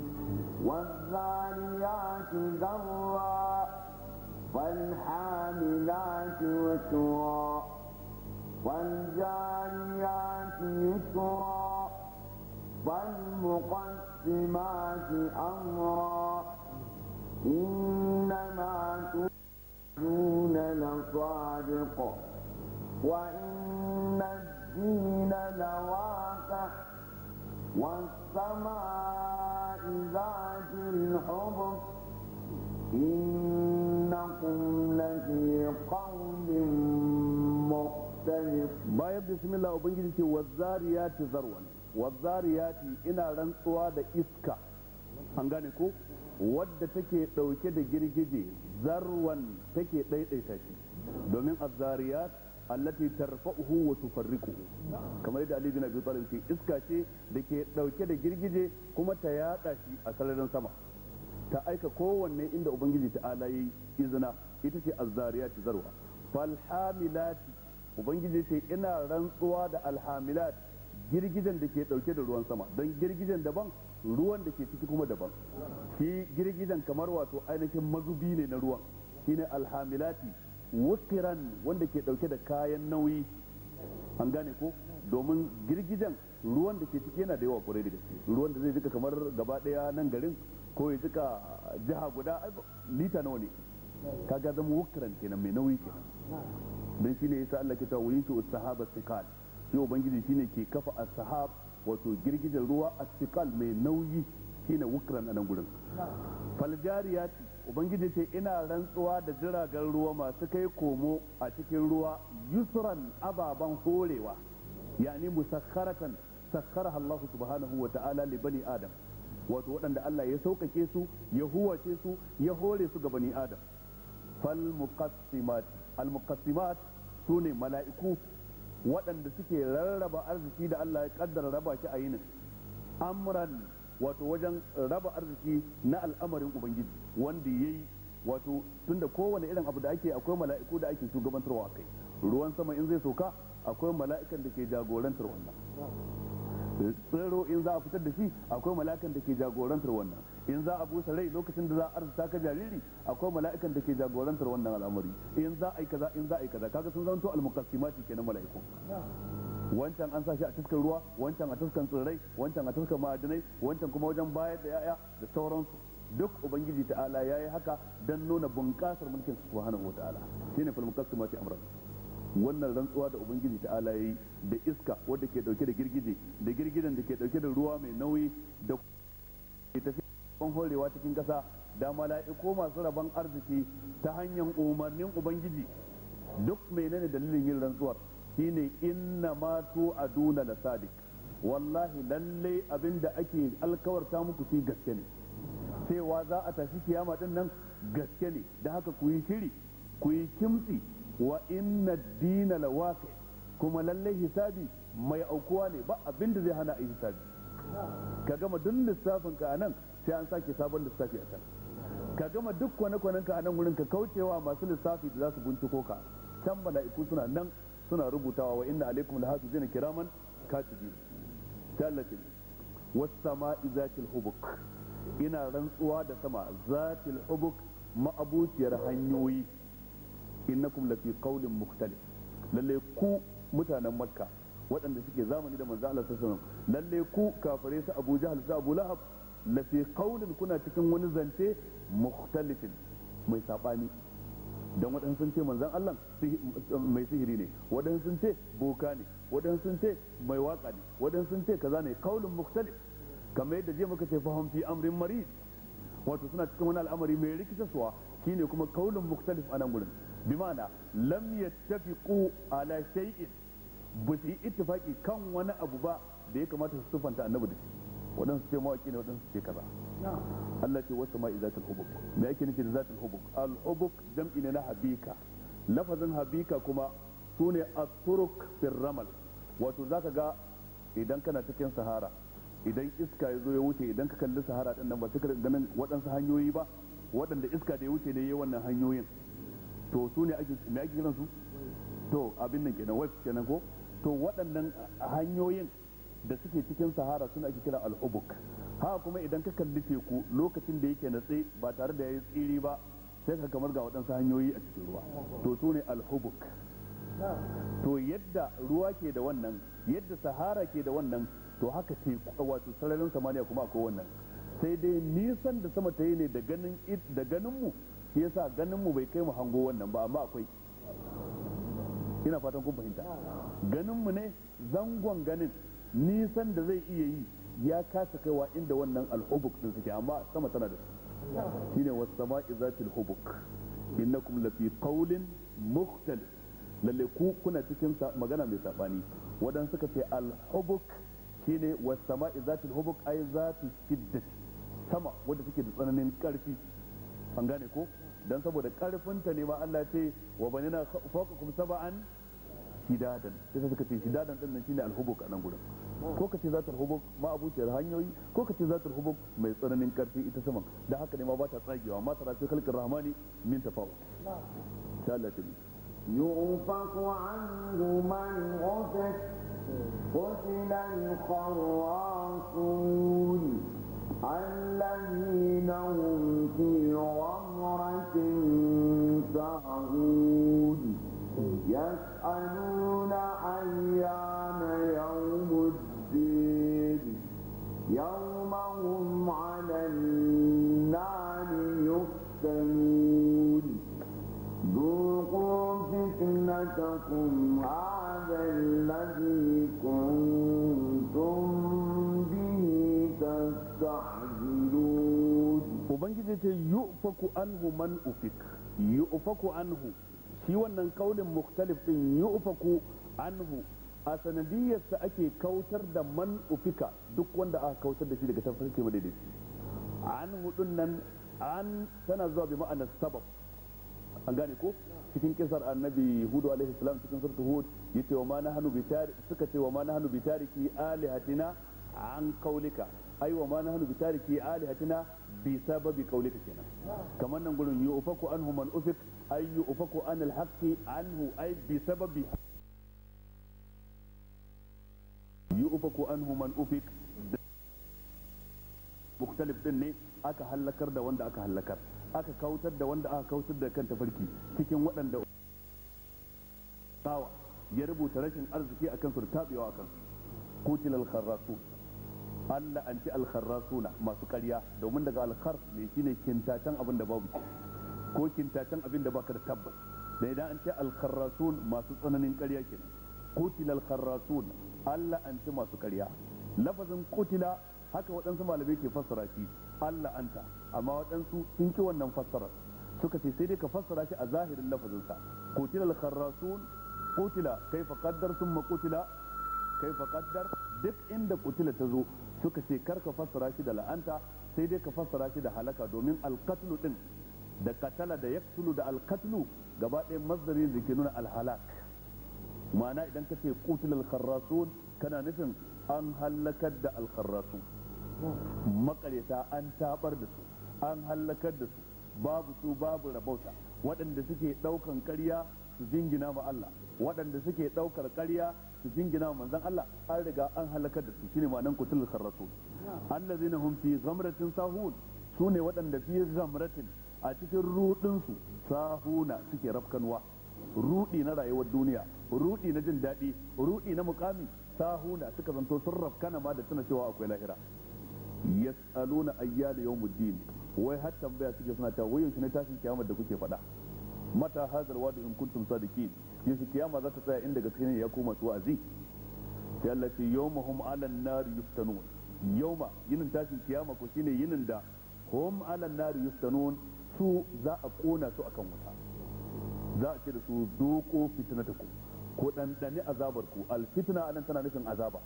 والذاريات ذرا فالحاملات وسرا فالجاريات فالمقسمات أمرا إنما توعدون لصادق وإن الدين لواقع والسماء ذات الحب إنكم لفي قول مختلف بسم الله وبنجد والزاريات ذروا wazzariyati ina rantsuwa da iska an gane ko wadda take ɗauke da girgije zarwan take ɗaiɗaita shi domin azzariyat allati tarfa'uhu wa tufarriquhu kamar yadda Ali bin Abi Talib ce iska ce da ke ɗauke da girgije kuma ta yaɗa shi a sararin sama ta aika kowanne inda ubangiji ta alayi izina ita ce azzariyat zarwa hamilati ubangiji ce ina rantsuwa da alhamilat girgijen da ke dauke da ruwan sama don girgizan daban ruwan da ke ciki kuma daban shi girgijen kamar wato ainihin mazubi ne na ruwan shi ne alhamilati wukiran wanda ke dauke da kayan nauyi an gane ko domin girgijen ruwan da ke ciki yana da yawa kwarai da gaske ruwan da zai jika kamar gaba daya nan garin ko ya jika jiha guda lita nawa ne ka kaga zama wukiran kenan mai nauyi kenan don ne shine yasa Allah ke ta su sahaba sikal shi ubangiji shine ke kafa as-sahab wato girgijin ruwa as mai nauyi shine wukran anan gurin faljariyati ubangiji ce ina rantsuwa da jiragen ruwa masu kai komo a cikin ruwa yusran ababan horewa yani musakharatan sakharaha Allah subhanahu wa ta'ala li bani adam wato waɗanda Allah ya sauƙaƙe su ya huwace su ya hore su ga bani adam fal muqassimat al muqassimat sune mala'iku waɗanda suke rarraba arziki da Allah ya kaddara raba shi a yinin amran wato wajen raba arziki na al'amarin ubangiji wanda ya yi wato tunda kowane irin abu da ake akwai mala'iku da ake shugabantarwa a kai ruwan sama in zai sauka akwai mala'ikan da ke jagorantar wannan tsiro in za a fitar da shi akwai mala'ikan da ke jagorantar wannan in za a busa rai lokacin da za a arzuta ka jariri akwai mala'ikan da ke jagorantar wannan al'amari in za a yi kaza in za a yi kaza kaga sun zanto almukassima muqassimati kenan mala'iku wancan an sashi a tuskan ruwa wancan a tuskan tsirrai wancan a tuskan ma'adinai wancan kuma wajen bayar da yaya da sauransu duk ubangiji ta'ala yayi haka dan nuna bunƙasar mulkin subhanahu wa ta'ala shine fil muqassimati amran wannan rantsuwa da ubangiji ta'ala ya yayi da iska wadda ke dauke da girgije da girgidan da ke dauke da ruwa mai nauyi da ke tafi karɓan horewa cikin ƙasa da mala'iku masu rabon arziki ta hanyar umarnin ubangiji duk menene dalilin yin rantsuwar shine inna ma tu aduna la sadiq wallahi lalle abinda da ake alkawarta muku shi gaske ne cewa za a tashi kiyama din nan gaske ne da haka ku yi shiri ku yi kimtsi wa inna dina la waqi kuma lalle hisabi mai aukuwa ne ba abinda zai hana a yi hisabi ka gama duk lissafin ka anan sai an sake sabon lissafi a can ka gama duk kwane-kwanen ka a nan wurin ka kaucewa masu lissafi da za su binciko ka can mala'iku suna nan suna rubutawa wa inna alaikum zina kiraman katibi tallatin wasu sama'i hubuk ina rantsuwa da sama zatil hubuk ma'abuciyar hanyoyi innakum lafi qaulin Muktali? lalle ku mutanen makka waɗanda suke zamani da manzo Allah sallallahu alaihi lalle ku kafare su Abu Jahl su Abu Lahab la fi qaulin kuna cikin wani zance mukhtalifin mai sabani don waɗansu sun ce manzan Allah mai sihiri ne waɗansu sun ce boka ne waɗansu sun ce mai waka ne waɗansu sun ce kaza ne kaulin mukhtalif kamar yadda je muka ce fahim fi amrin mari wato suna cikin wani al'amari mai rikitarwa shine kuma kaulin mukhtalif a nan gurin bi ma'ana lam yattafiqu ala shay'in ba su ittifaqi kan wani abu ba da ya kamata su tufanta annabi da shi waɗansu ce mawaƙi ne waɗansu ce kaza Allah ce wasu ma'i zatul hubuk me ake nufi da zatul hubuk al hubuk jam'i ne na habika lafazin habika kuma su sune asuruk ramal wato zaka ga idan kana cikin sahara idan iska ya zo ya wuce idan ka kalli sahara ɗin nan ba su ganin waɗansu hanyoyi ba waɗanda iska da ya wuce ne ya wannan hanyoyin to su ne ake me ake kiransu to abin nan kenan web kenan ko to waɗannan hanyoyin da suke cikin sahara suna ake kira al'ubuk haka kuma idan ka kalli teku lokacin da yake natse ba tare da ya yi tsiri ba sai ka kamar ga waɗansu hanyoyi a cikin ruwa to su ne al'ubuk to yadda ruwa ke da wannan yadda sahara ke da wannan to haka teku wato sararin samaniya kuma akwai wannan sai dai nisan da sama ta yi ne da ganin da ganin mu shi yasa ganin mu bai kai mu hango wannan ba amma akwai ina fatan kun fahimta ganin mu ne zangon ganin nisan da zai iya yi ya kasa kaiwa inda wannan alhubuk din suke amma sama tana da su shine was sama'i zatil hubuk innakum lafi qawlin muktal lalle ku kuna cikin magana mai sabani wadan suka ce alhubuk shine was sama'i zatil hubuk ai zatu shiddati sama wadda take da tsananin karfi an gane ko dan saboda karfinta ne ma Allah ce wa banina fawqakum sab'an shidadan sai suka ce shidadan din nan shine alhubuk a nan gurin ko ka ce za ta hubuk ma abuciyar hanyoyi ko ka ce za ta hubuk mai tsananin karfi ita saman da haka ne ma ba ta tsagewa ma tara fi kalkar rahmani min tafawa ta Allah ta يؤفك عنه من غفر قتل الخراصون الذين هم في غمرة ساهون يسألون أيام ملتكم هذا الذي كنتم به تستعجلون وبنجد يؤفك عنه من أفك يؤفك عنه shi wannan kaulin muktalif din yu'faku anhu a sanadiyarsa ake kautar da man ufika duk wanda aka kautar da shi daga tafarki madaidaici an hudun nan an tana zuwa bi ma'anar sabab an gane ko cikin kisar annabi hudu alaihi salam cikin surta hud yace wa ma hannu bitari suka ce wa ma nahnu bitariki alihatina an kaulika ai wa ma nahnu bitariki alihatina bi sababi kaulika kenan kamar nan gurin yu ufaku anhu man ufik ay yu ufaku anil haqqi anhu ay bi sababi yu ufaku anhu man ufik muktalif din ne aka halakar da wanda aka halakar aka kautar da wanda aka kautar da kan tafarki cikin waɗanda bawa ya rubuta rashin arziki a kansu da taɓewa a kansu kutil alkharrasu Allah an ci alkharrasuna masu karya domin daga alkhar ne shine kintacen abin da babu ko kintacen abin da baka da tabbas da idan an ce alkharrasun masu tsananin karya kenan kutil alkharrasun Allah an ci masu karya lafazin kutila haka waɗansu malamai ke fassara shi Allah anta amma waɗansu sun ki wannan fassarar suka ce sai dai ka fassara shi a zahirin lafazinsa kutila al-kharrasun kutila kaifa qaddar ma kutila kaifa qaddar duk inda kutila ta zo suka ce kar ka fassara shi da la'anta sai dai ka fassara shi da halaka domin alkatlu din da katala da yaktulu da alkatlu gaba ɗaya masdari da ke nuna alhalak ma'ana idan ka ce kutila al-kharrasun kana nufin an halakar da al-kharrasun makareta an tabar da su an hallakar da su babu su babu rabauta waɗanda suke ɗaukan ƙarya su jingina ma Allah waɗanda suke ɗaukar ƙarya su jingina ma manzon Allah an riga an halakar da su shine ma'anan kutul kharrasu allazina hum fi zamratin sahun sune waɗanda fi zamratin a cikin rudin su sahuna suke rafkanwa rudi na rayuwar duniya rudi na jin daɗi rudi na mukami sahuna suka zanto sun rafkana ma da tana cewa akwai lahira yas'aluna ayyana yawmuddin wai har tambaya suke suna ta wai yaushe ne tashin kiyama da kuke faɗa mata hazar wadu in kuntum sadiqin yaushe kiyama za ta tsaya inda gaske ne ya koma su azi sai Allah ce yawma hum alan nar yuftanun yawma yinin tashin kiyama ko shine yinin da hum alan nar yuftanun su za a kona su akan wuta za a ce da su doko fitnatakum ko dandani azabar azabarku al fitna anan tana nufin azaba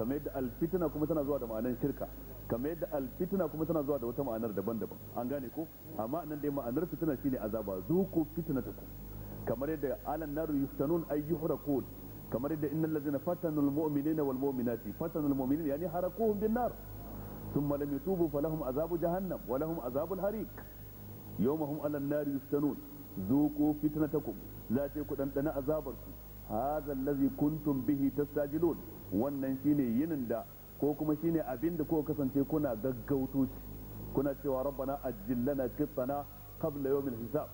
kamar yadda alfitina kuma tana zuwa da ma'anar shirka kamar yadda alfitina kuma tana zuwa da wata ma'anar daban-daban an gane ko amma nan dai ma'anar fitina shine azaba zuku ku. kamar yadda alan naru yuftanun ay yuhrakun kamar yadda innal ladzina fatanul mu'minina wal mu'minati fatanul mu'minina yani harakuhum bin nar thumma lam yatubu falahum azabu jahannam wa lahum azabul hariq yawmahum alan naru yuftanun zuku fitnatakum la ta ku dandana azabarku hadha allazi kuntum bihi tastajilun wannan shine yinin da ko kuma shine abin da kuka kasance kuna gaggauto shi kuna cewa rabbana ajjil lana qittana qabla yawmil hisab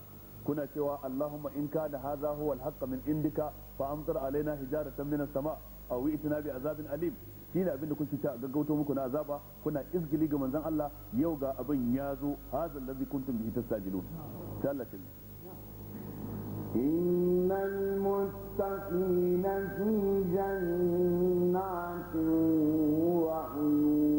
kuna cewa allahumma in kana hadha huwa alhaq min indika fa amtir alaina hijaratan minas sama aw itina bi azabin alim shine abin da kuke ta gaggauto muku na azaba kuna izgili ga manzon Allah yau ga abin ya zo hadha allazi kuntum bihi tastajilun sallatin إن المتقين في جنات وعيون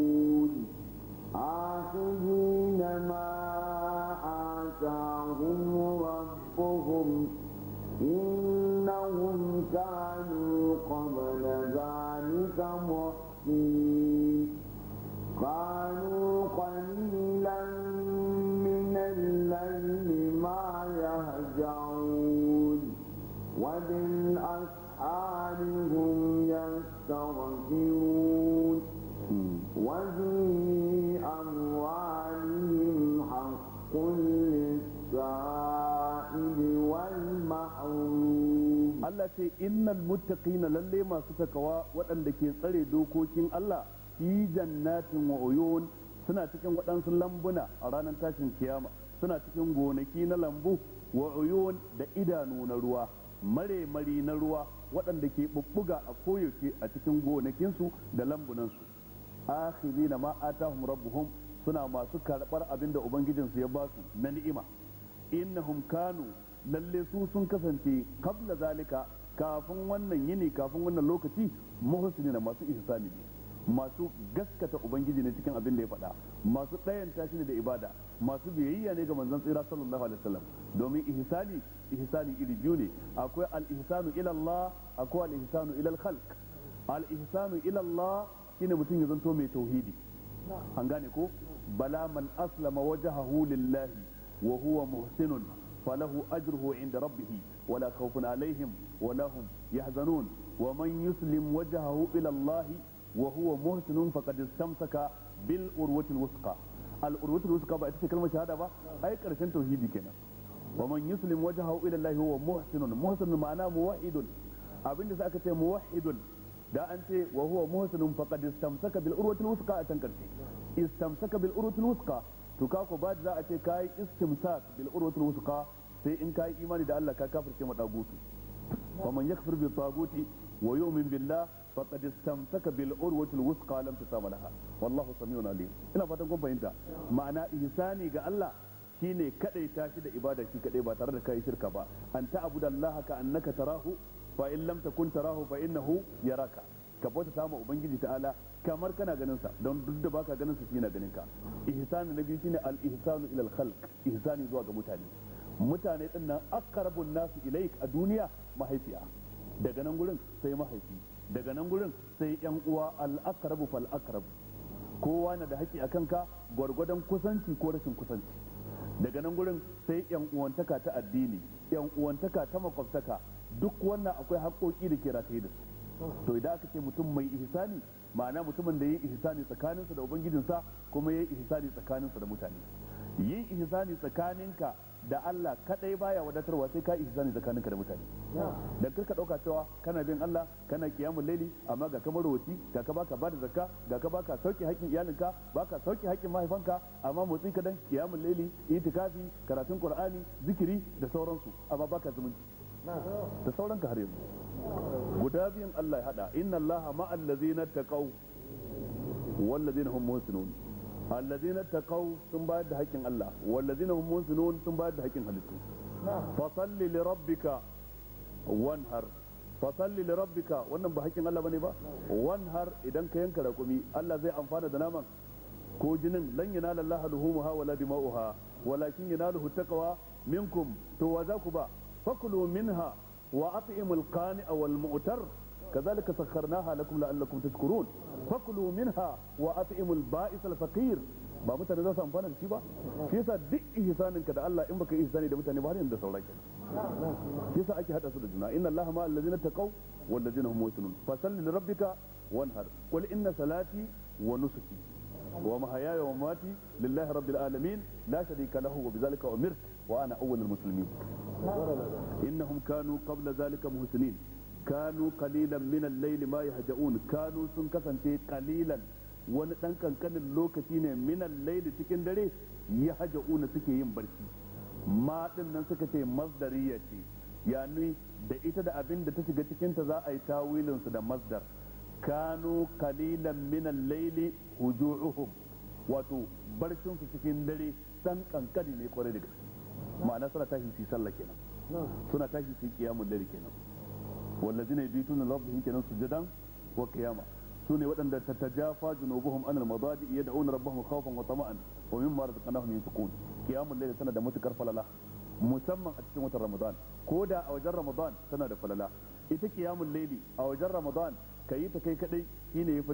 ce innal muttaqina lalle masu takawa waɗanda ke tsare dokokin Allah fi jannatin wa uyun suna cikin waɗansu lambuna a ranar tashin kiyama suna cikin gonaki na lambu wa uyun da idanu na ruwa mare mari na ruwa waɗanda ke bubbuga a koyaushe a cikin gonakinsu da lambunansu akhirina ma atahum rabbuhum suna masu karɓar abin da su ya basu na ni'ima innahum kanu lalle su sun kasance kabla zalika kafin wannan yini kafin wannan lokaci muhsini na masu ihsani ne masu gaskata ubangiji ne cikin abin da ya faɗa masu dayan shi ne da ibada masu biyayya ne ga manzon tsira sallallahu alaihi wasallam domin ihsani ihsani iri biyu ne akwai al-ihsanu ila Allah akwai al-ihsanu ila al-khalq al-ihsanu ila Allah shine mutum ya zanto mai tauhidi an gane ko bala man aslama wajhahu lillahi wa huwa muhsinun فله أجره عند ربه ولا خوف عليهم ولا هم يحزنون ومن يسلم وجهه إلى الله وهو محسن فقد استمسك بالأروة الوثقى الأروة الوثقى بقى كلمة شهادة بقى أي كرشن توحيدي كنا ومن يسلم وجهه إلى الله هو محسن محسن معناه موحد abinda za ka ce muwahidun da an ce wa huwa muhsinun faqad istamsaka bil urwatil wusqa a can karshe istamsaka bil urwatil wusqa to ka ko ba za a ce kai istimsak bil urwatil wusqa sai in ka yi imani da Allah ka kafirce ma dagutu fa man yakfur bi taguti wa yu'min billah faqad istamsaka bil urwati al wuthqa lam tasama laha wallahu samiun alim ina fatan kun fahimta ma'ana ihsani ga Allah shine kadai tashi da ibada shi kadai ba tare da kai shirka ba an Allah ka annaka tarahu fa in lam takun tarahu fa innahu yaraka ka bauta ta ma ubangiji ta'ala kamar kana ganin sa don duk da baka ganin sa shine ganin ka ihsani na biyu shine al ihsanu ila al khalq ihsani zuwa ga mutane mutane din nan akarabun nasu ilaik a duniya mahaifiya daga nan gurin sai mahaifi daga nan gurin sai yan uwa al akrabu fal akrabu kowa na da a akan ka gwargwadon kusanci ko rashin kusanci daga nan gurin sai yan uwantaka ta addini yan uwantaka ta makwabtaka duk wannan akwai haƙoƙi da ke rataye da su to idan aka ce mutum mai ihsani ma'ana mutumin da yayi ihsani tsakaninsa da ubangijinsa kuma yayi ihsani tsakaninsa da mutane yin ihsani tsakaninka da Allah kadai baya wadatarwa sai ka isa sani ka da mutane da karka dauka cewa kana bin Allah kana kiyamul laili amma ga kamar rowaci ga ka baka bada zakka ga ka baka sauki haƙƙin iyalinka baka sauki haƙƙin mahaifanka amma motsi ka dan kiyamul laili itikafi karatun qur'ani zikiri da sauransu amma baka zumunci da sauranka har yanzu guda biyan Allah ya hada inna Allah ma'al ladzina taqaw wal ladzina hum muhsinun allazina taqaw sun bayar da haƙƙin Allah wallazina hum munsinun sun bayar da haƙƙin halittu fasalli li rabbika wanhar fasalli li rabbika wannan ba haƙƙin Allah bane ba wanhar idan ka yanka rakumi Allah zai amfana da naman ko jinin lan yanala Allah luhumuha wala dima'uha walakin yanaluhu minkum to wa za ku ba fakulu minha wa at'imul qani'a wal mu'tar كذلك سخرناها لكم لعلكم تشكرون فكلوا منها وأطعموا البائس الفقير ba mutane za su amfana da shi ba shi yasa duk ihsanin ka da Allah in baka ihsani da mutane ba har yanzu da sauran ka shi yasa ake hada su da juna inna Allaha ma'al ladzina taqaw wal ladzina hum muhsinun fa salli li rabbika wanhar qul inna salati wa nusuki wa mahayaya wa mamati lillahi rabbil alamin la sharika lahu wa bidhalika umirtu wa ana awwalul muslimin innahum kanu qabla dhalika muhsinin kanu qalilan min al-layli ma yahja'un kanu sun kasance qalilan wani dan kankanin lokaci ne min al-layli cikin dare yahja'un suke yin barci ma din nan suka ce masdariya ce yani da ita da abin da ta shiga cikin ta za a yi tawilin su da masdar kanu qalilan min al-layli huju'uhum wato barcin su cikin dare dan kankani ne kwarai da gaske ma'ana suna tashi su sallah kenan suna tashi su kiyamul dare kenan wallazina yabituna rabbihim kenan sujadan wa qiyama sune waɗanda tatajafa junubuhum anil madaji yad'una rabbahum kafan wa tama'an wa mimma razaqnahum yunfiqun qiyamul layli tana da matukar falala musamman a cikin watan ramadan ko da a wajen ramadan tana da falala ita qiyamul layli a wajen ramadan kayi ta kai kadai shine yafi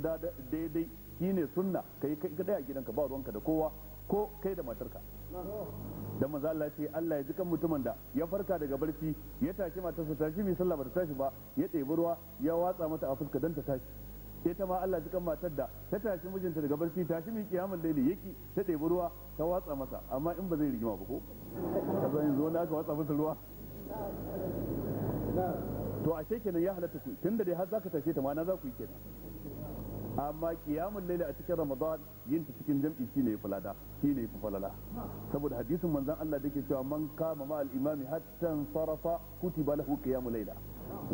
daidai shine sunna kai kadai a gidanka ba ruwanka da kowa ko kai da matarka dan manzo Allah ce Allah ya ji kan mutumin da ya farka daga barci ya tashi matarsa tashi mai sallah ba ta tashi ba ya ɗebi ruwa ya watsa mata a fuska dan ta tashi ita ma Allah ji kan matar da ta tashi mijinta daga barci tashi mai kiyamul laili yake ta ɗebi ruwa ta watsa masa amma in ba zai rigima ba ko zo yanzu wani aka watsa masa ruwa to ashe kenan ya halatta ku tunda dai har zaka tashe ta ma na za ku yi kenan amma kiyamun laila a cikin ramadan yin ta cikin jam'i shine ya falada shine ya falala saboda hadisin manzon Allah da ke cewa man kama ma al-imami hatta sarafa kutiba lahu qiyamul laila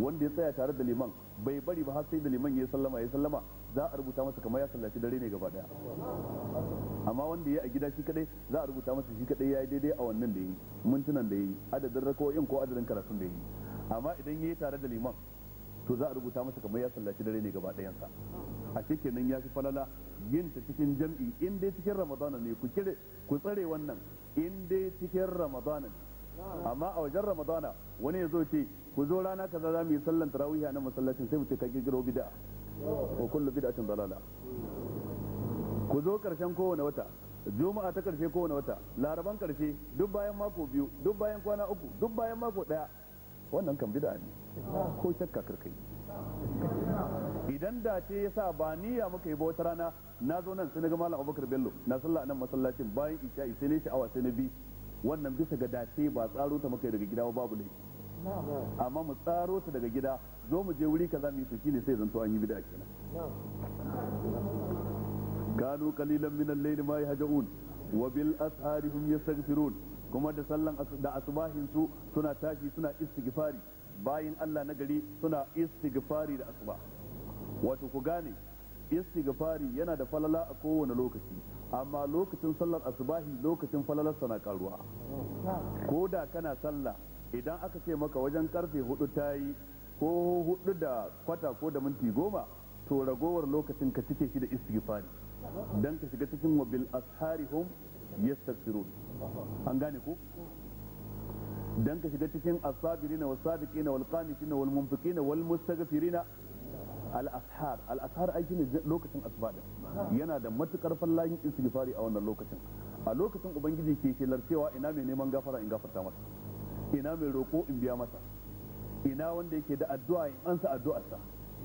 wanda ya tsaya tare da liman bai bari ba har sai da liman ya sallama ya sallama za a rubuta masa kamar ya sallaci dare ne gaba daya amma wanda ya a gida shi kadai za a rubuta masa shi kadai yayi daidai a wannan da yi mintunan da yi adadin rako'in ko adadin karatun da yi amma idan yayi tare da liman to za a rubuta masa kamar ya sallaci dare ne gaba ɗayansa a cikin nan ya fi falala yin ta cikin jam'i in dai cikin ramadana ne ku kire ku tsare wannan in dai cikin ramadana ne amma a wajen ramadana wani ya zo ce ku zo rana kaza za mu yi sallan tarawih a nan masallacin sai mu ce ka kirkiro bid'a ko kullu bid'atin dalala ku zo karshen kowane wata juma'a ta karshe kowane wata laraban karshe duk bayan mako biyu duk bayan kwana uku duk bayan mako daya wannan kan bid'a ne ko shakka karkai idan da ce sa ba niyya muka yi ba wata rana na zo nan sai na ga malam Abubakar Bello na sallah nan masallacin bayan isha'i sai ne sha'awa sai na bi wannan bisa ga dace ba tsaro ta muka yi daga gida ba babu laifi amma mu tsaro ta daga gida zo mu je wuri ka za mu yi to shine sai zanto an yi bid'a kenan kanu qalilan min al-layli ma yahjaun wa bil ashari yastaghfirun kuma da sallan da asubahin su suna tashi suna istighfari bayin Allah na gari suna istighfari da asuba wato ku gane istighfari yana da falala a kowane lokaci amma lokacin sallar asubahi lokacin falalar sana karuwa ko da kana sallah idan aka ce maka wajen karfe hudu tayi ko hudu da kwata ko da minti goma to ragowar lokacin ka cike shi da istighfari dan ka shiga cikin wabil ashari hum yastaghfirun an gane ko dan ka shiga cikin as-sabirina was-sadiqina wal-qanitina wal ai shine lokacin asbada yana da matukar fallayin istighfari a wannan lokacin a lokacin ubangiji ke shelar cewa ina mai neman gafara in gafarta masa ina mai roko in biya masa ina wanda yake da addu'a in ansa addu'arsa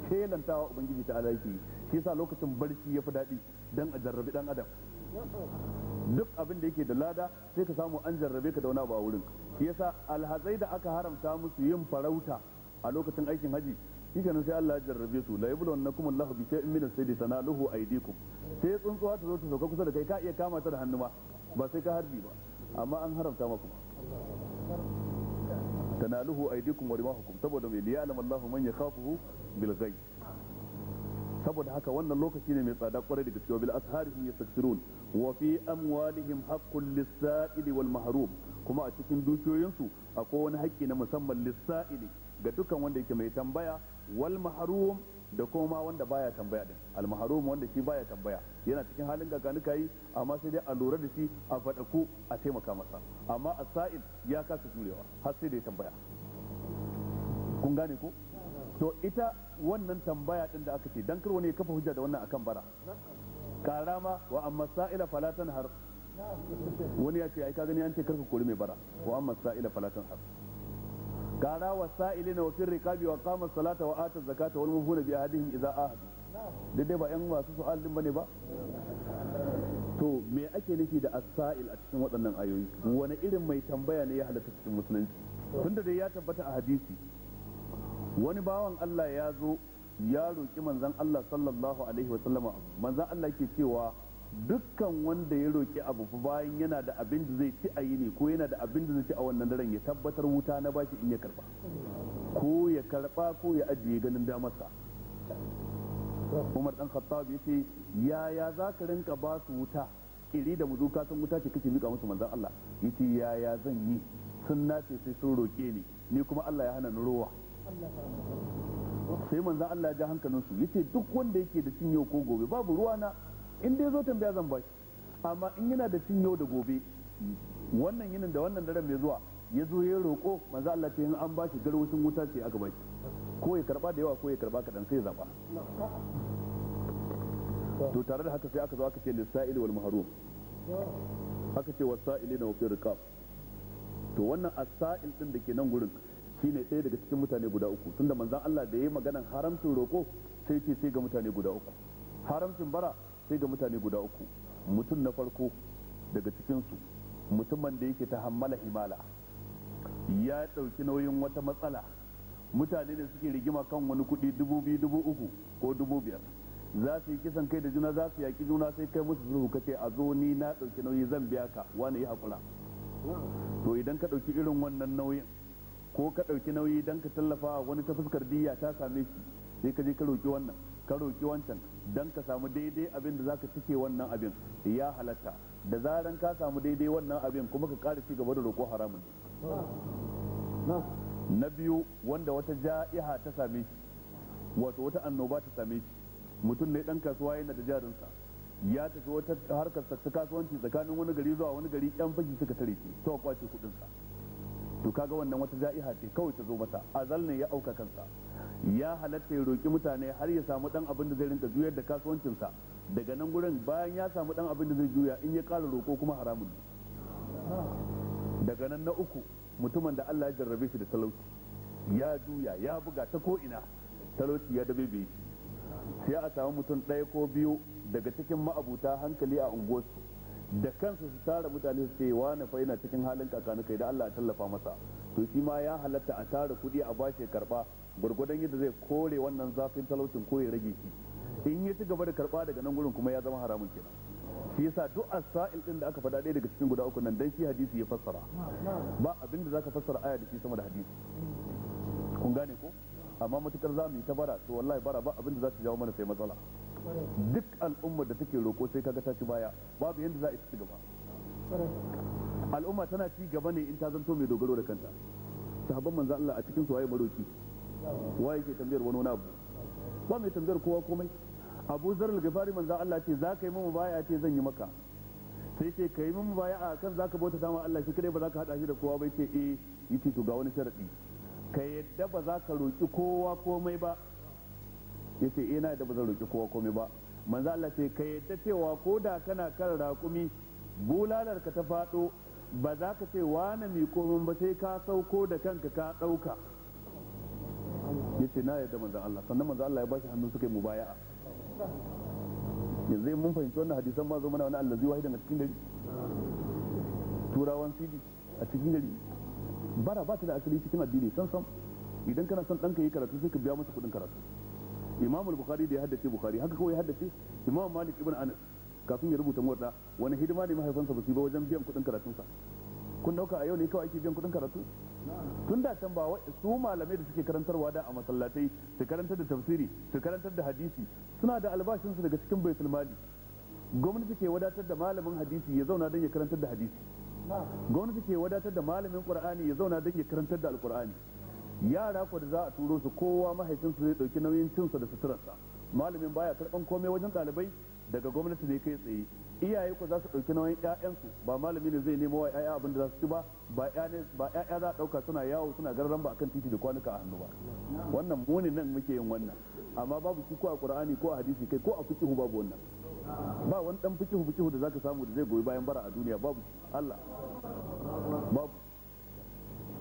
shelantawa ubangiji ta alaiki shi yasa lokacin barci yafi daɗi dan a jarrabi dan adam duk abin da yake da lada sai ka samu an jarrabe ka dauna ba wurin shi yasa alhazai da aka haramta musu yin farauta a lokacin aikin haji shi kenan sai Allah ya jarrabe su la yablu annakum Allah bi shay'in min as sanaluhu aydikum sai tsuntsuwa ta zo ta sauka kusa da kai ka iya kama ta da hannu ma ba sai ka harbi ba amma an haramta maka tanaluhu aydikum wa rimahukum saboda mai liya'lam Allahu man yakhafuhu bil ghaib saboda haka wannan lokaci ne mai tsada kwarai da gaske bil asharihim yastaksirun wa fi amwalihim haqqul lisaili wal mahrum kuma a cikin dukiyoyinsu akwai wani haƙƙi na musamman lisaili ga dukkan wanda yake mai tambaya wal mahrum da kuma wanda baya tambaya din al mahrum wanda shi baya tambaya yana cikin halin gaganuka yi amma sai dai a lura da shi a fadaku a taimaka masa amma asa'il ya kasa jurewa har sai da ya tambaya kun gane ko to ita wannan tambaya din da aka ce dan kar wani ya kafa hujja da wannan akan bara karama wa amma sa'ila falatan har wani ya ce ai ka gani an ce karka kori mai bara wa amma sa'ila falatan har Kara wa sa'ilina wa fil riqabi wa qama salata wa ata zakata wal muhuna bi ahadihim idza a duk dai ba yan masu su'al din bane ba to me ake nufi da as-sa'il a cikin waɗannan ayoyi wani irin mai tambaya ne ya halatta cikin musulunci tunda dai ya tabbata a hadisi wani bawan Allah ya zo ya roƙi manzan Allah sallallahu alaihi wa sallama manzan Allah ke cewa dukkan wanda ya roƙi abu bayan yana da abin da zai ci a yi ne ko yana da abin da zai ci a wannan daren ya tabbatar wuta na bashi in ya karba ko ya karba ko ya ajiye ganin damarsa Umar dan Khattab ya ce yaya za ka rinka ba su wuta kiri da mu ka san wuta ce kake mika musu manzan Allah yace yaya zan yi sun nace sai sun roƙe ni ni kuma Allah ya hana ni rowa sai manzan Allah ya ja hankalinsu yace duk wanda yake da cin yau ko gobe babu ruwa na in dai zo tambaya zan bashi amma in yana da cin yau da gobe wannan yinin da wannan daren mai zuwa ya zo ya roƙo manzan Allah ce in an bashi garwacin wuta ce aka bashi ko ya karba da yawa ko ya karba kadan sai ya zaba to tare da haka sai aka zo aka ce lisa'il wal mahrum aka ce wasa'ilina wa fi riqab to wannan asa'il din da ke nan gurin ne ɗaya daga cikin mutane guda uku da manzan Allah da yi maganan haramcin roko sai ce sai ga mutane guda uku haramcin bara sai ga mutane guda uku mutum na farko daga cikinsu mutumin da yake ta hammala himala ya ɗauki nauyin wata matsala mutane da suke rigima kan wani kuɗi dubu biyu dubu uku ko dubu biyar za su yi kisan kai da juna za su yaƙi juna sai kai musu sulhu kace a zo ni na ɗauki nauyi zan biya ka wani yi haƙura to idan ka ɗauki irin wannan nauyin ko ka ɗauki nauyi don ka tallafa wani ta fuskar diya ta same shi sai ka je ka roki wannan ka roki wancan don ka samu daidai abin da zaka cike wannan abin ya halatta da zaran ka samu daidai wannan abin kuma ka ƙara ci gaba da roƙo haramun na biyu wanda wata ja'iha ta same shi wato wata annoba ta same shi mutum ne dan kasuwa yana da jarinsa ya tafi wata harkar ta kasuwanci tsakanin wani gari zuwa wani gari yan fashi suka tare shi to kwace kudin to kaga wannan wata ja'iha ce kawai ta zo mata azal ne ya auka kansa ya halatta ya roki mutane har ya samu dan abin da zai rinka juyar da kasuwancinsa daga nan gurin bayan ya samu dan abin da zai juya in ya ƙara roko kuma haramun ne daga nan na uku mutumin da Allah ya jarrabe shi da talauci ya juya ya buga ta ko ina talauci ya dabe bai sai a samu mutum ɗaya ko biyu daga cikin ma'abuta hankali a unguwarsu da kansu su tara mutane su ce wa na cikin halin kakanuka da Allah ya tallafa masa to shi ma ya halatta a tara kudi a bashi karba gurgudan yadda zai kore wannan zafin talaucin ko ya rage shi in ya ci gaba da karba daga nan gurin kuma ya zama haramun kenan shi yasa duk asa'il din da aka faɗa ɗaya daga cikin guda uku nan dan shi hadisi ya fassara ba abin da zaka fassara aya da shi sama da hadisi kun gane ko amma matukar za mu yi ta bara to wallahi bara ba abin da za ta jawo mana sai matsala duk al'ummar da take roƙo sai kaga ta ci baya babu yadda za a ci gaba al'umma tana ci gaba ne in ta zanto mai dogaro da kanta sahabban manzo Allah a cikin su waye maroki waye ke tambayar wani wani abu ba mai tambayar kowa komai Abu Zar al-Ghifari manzo Allah ce za ka yi min baya ce zan yi maka sai ce ka yi min baya a kan za ka bauta ta Allah shi kadai ba za ka hada shi da kowa ba ce eh ce to ga wani sharadi ka yadda ba za ka roƙi kowa komai ba Ya ce ina eh, da ba zan roƙi kowa komai ba manzo Allah ce ka yadda cewa ko da kana kan raƙumi bulalar ka ta faɗo ba za ka ce wani mai komai ba sai ka sauko da kanka ka ɗauka Ya ce na yadda manzo Allah sannan manzo Allah ya bashi hannu suka yi mubaya'a yanzu mun fahimci wannan hadisan ma zo mana wani allazi wahidan a cikin gari turawan sidi a cikin gari bara ba ta da asali cikin addini san san idan kana son ɗanka yi karatu sai ka biya masa kuɗin karatu imam al-bukhari da ya haddace bukhari haka kawai ya haddace imam malik ibn anas kafin ya rubuta mota wani hidima ne mahaifansa ba su ba wajen biyan kuɗin sa kun dauka a yau ne kawai ake biyan kuɗin karatu tun da can ba su malamai da suke karantarwa da a masallatai su karantar da tafsiri su karantar da hadisi suna da albashin su daga cikin baitul mali gwamnati ke wadatar da malamin hadisi ya zauna don ya karantar da hadisi gwamnati ke wadatar da malamin qur'ani ya zauna don ya karantar da alqur'ani yara ko da za a turo su kowa mahaifinsu zai ɗauki nauyin cinsa da suturarsa malamin baya karɓan komai wajen ɗalibai daga gwamnati ne kai tsaye iyaye ko za su ɗauki nauyin ƴaƴansu ba malami ne zai nemo wa ƴaƴa abin da za su ci ba ba ƴaƴa za a ɗauka suna yawo suna garan ba akan titi da kwanuka a hannu ba wannan mu nan muke yin wannan amma babu shi ko a qur'ani ko a hadisi kai ko a fiqhu babu wannan ba wani dan fikihu fikihu da zaka samu da zai goyi bayan bara a duniya babu Allah babu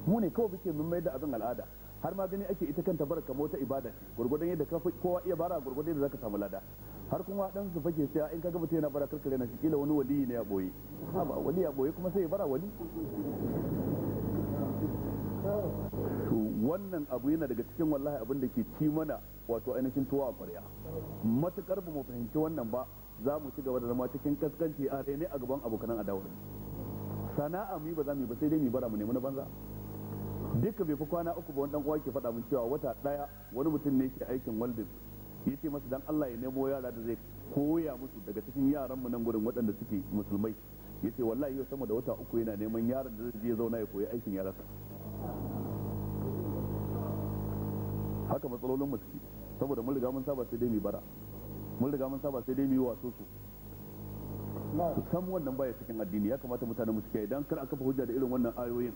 mu ne kawai muke mun da abin al'ada har ma gani ake ita kanta bara kamar wata ibada ce gurgurdan yadda ka kowa iya bara gurgurdan yadda zaka samu lada har kuma dan su fake sai in kaga mutum yana bara karkare na shi kila wani wali ne ya boye ha ba wali ya boye kuma sai ya bara wali wannan abu yana daga cikin wallahi abin da ke ci mana wato ainihin tuwa a ƙwarya matukar ba mu fahimci wannan ba za mu ci gaba da zama cikin kaskanci a rene a gaban abokanan adawa. sana'a mu ba za mu yi ba sai dai mu bara mu nemi na banza duka bai fi kwana uku ba wani dan uwa ke faɗa min cewa wata ɗaya wani mutum ne ke aikin waldin ya ce masa dan Allah ya nemo yara da zai koya musu daga cikin yaran mu nan gurin waɗanda suke musulmai ya ce wallahi yau sama da wata uku yana neman yaran da zai je zauna ya koyi aikin yaransa haka matsalolin mu suke saboda mun riga mun saba sai dai mu bara mun riga mun saba sai dai mu yi wato su san wannan baya cikin addini ya kamata mutane mu suke idan kar a fa hujja da irin wannan ayoyin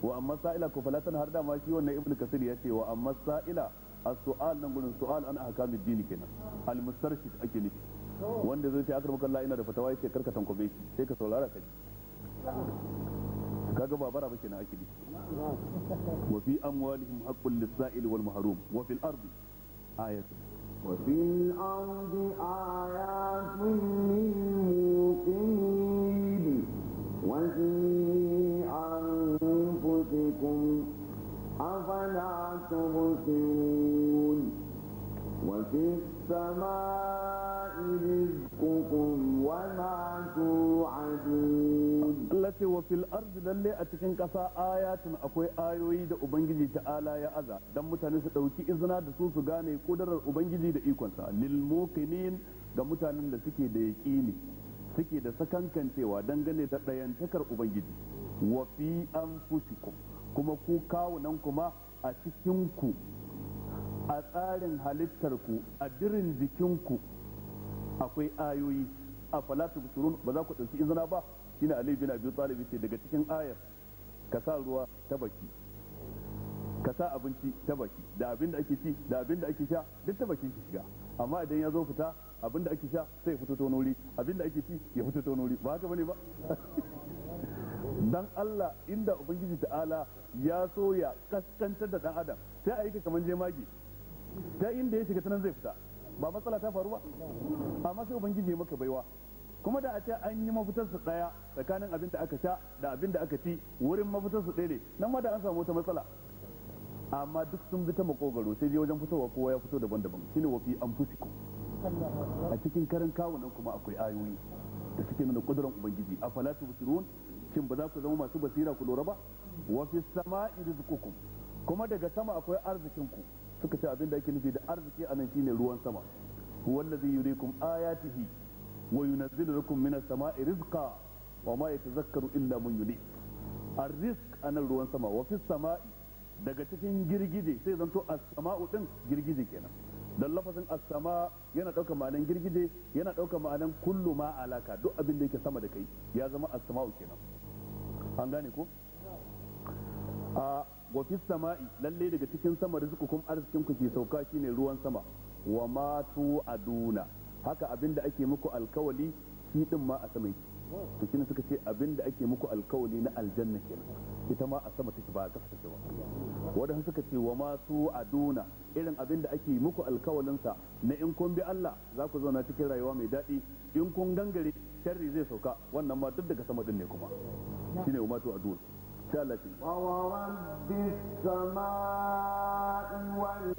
wa amma sa'ila ko falatan har da ma shi wannan ibnu kasir ya ce wa amma sa'ila as-su'al nan gurin su'al an ahkam ad-din kenan al-mustarshid ake nufi wanda zai ce akrabu kallahi ina da fatawa yace karka tankobe shi sai ka saurara ka ji kaga babara ba kenan ake nufi wa fi amwalihim haqqul lis-sa'il wal mahrum wa fil ardi ayatun وفي الأرض آيات وفي أنفسكم أفلا وفي السماء رزقكم وما توعدون ce wa fil ardi lalle a cikin ƙasa ayatun akwai ayoyi da ubangiji ta'ala ya aza dan mutane su dauki izina da su su gane kudarar ubangiji da ikonsa lil muqinin ga mutanen da suke da yaqini suke da sakankancewa dangane da dayantakar ubangiji wa fi anfusikum kuma ku kawunan kuma a cikin ku a tsarin halittar ku a dirin jikin ku akwai ayoyi a falatu ba za ku dauki izina ba shine ali bin abi talib ce daga cikin ayar ka sa ruwa ta baki ka sa abinci ta baki da abin da ake ci da abin da ake sha duk ta bakin ki shiga amma idan ya zo fita abin da ake sha sai ya fito ta wani abin da ake ci ya fito ta wani ba haka bane ba dan Allah inda ubangiji ta'ala ya so ya kaskantar da dan adam sai a yi kaman jemage ta inda ya shiga ta nan zai fita ba matsala ta faru ba amma sai ubangiji ya maka baiwa kuma da a ce an yi mafitarsu ɗaya tsakanin abin da aka sha da abin da aka ci wurin mafitarsu ɗaya ne nan ma da an samu wata matsala amma duk sun bi ta makogaro sai je wajen fitowa kowa ya fito daban-daban shine an fi anfusikum a cikin karin kawunan kuma akwai ayoyi da suke nuna kudurar ubangiji a falatu busirun shin ba za ku zama masu basira ku lura ba wa fi sama'i rizqukum kuma daga sama akwai arzikinku ku suka ce abin da ake nufi da arziki anan shine ruwan sama huwallazi yurikum ayatihi wa لكم من السماء رزقا وما wa ma من illa الرزق yunib الروان rizq وفي ruwan sama daga cikin girgije sai zanto as-sama'u din girgije kenan dan lafazin as-sama yana daukar ma'anan girgije yana daukar ma'anan kullu ma alaka duk abin da yake sama da kai ya zama as-sama'u kenan an gane ko a wa fi sama'i lalle daga cikin sama rizqukum arzikin ku ke sauka shine ruwan sama wa ma tu aduna haka abinda ake muku alkawali shi din ma a saman ki to shine suka ce abinda ake muku alkawali na aljanna kenan ita ma a sama take ba a kasa take ba wadanda suka ce wa masu aduna irin abin da ake muku alkawalin sa na in kun bi Allah za ku zauna cikin rayuwa mai daɗi in kun gangare sharri zai sauka wannan ma duk daga sama din ne kuma shine wa masu aduna مبتلة ورب السماء والأرض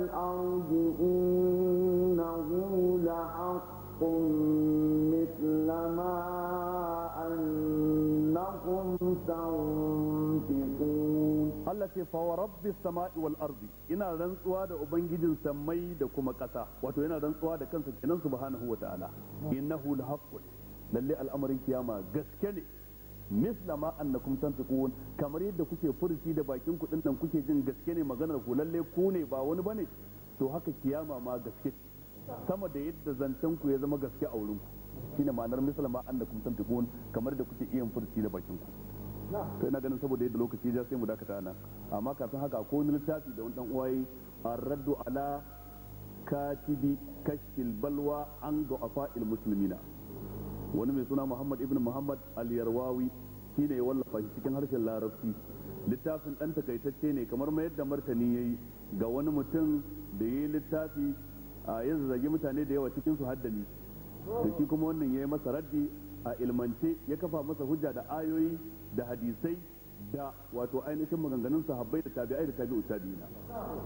إنه لحق مثل ما أنهم تنفقون Allah ce fa wa rabbis sama'i wal ardi ina rantsuwa da ubangijin sammai da kuma ƙasa wato yana rantsuwa da kansa kenan subhanahu wa ta'ala innahu lahaqqun lalle al'amarin kiyama gaske ne misla ma annakum tantiqun kamar yadda kuke furuci da bakin ku nan kuke jin gaske ne maganar ku lalle ku ne ba wani bane to haka kiyama ma gaske sama da yadda zancen ku ya zama gaske a wurin ku shine ma'anar misla ma annakum tantiqun kamar da kuke iya furuci da bakin ku to ina ganin saboda yadda lokaci ya sai mu dakata nan amma kafin haka ko wani littafi da wani dan uwaye ar-raddu ala katibi kashfil balwa an du'afa al-muslimina wani mai suna muhammad ibn muhammad al-yarwawi shi ne ya wallafa shi cikin harshen larabci littafin ɗan takaitacce ne kamar ma yadda martani ya yi ga wani mutum da ya yi littafi a ya zazzage mutane da yawa cikin su haddani da shi kuma wannan ya yi masa raddi a ilmance ya kafa masa hujja da ayoyi da hadisai da wato ainihin maganganun sahabbai da tabi'ai da tabi'u tabi'ina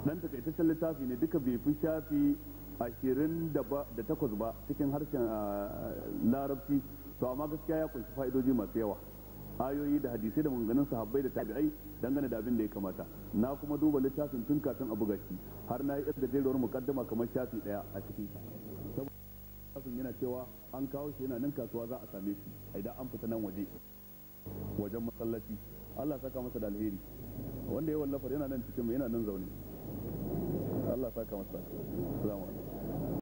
dan takaitaccen littafi ne duka bai fi shafi ashirin da takwas ba cikin harshen ah, ah, larabci to amma gaskiya ya kunshi fa'idoji masu yawa ayoyi da hadisai da maganganun sahabbai da tabi'ai dangane da abin da ya kamata na kuma duba littafin tun kafin abu gashi har na yi yar gajeruwar mukaddama kamar shafi daya a cikin sa saboda littafin yana cewa an kawo shi yana nan kasuwa za a same shi idan an fita nan waje wajen masallaci Allah saka masa da alheri wanda ya wallafar yana nan cikin yana nan zaune Allah saka masa salamu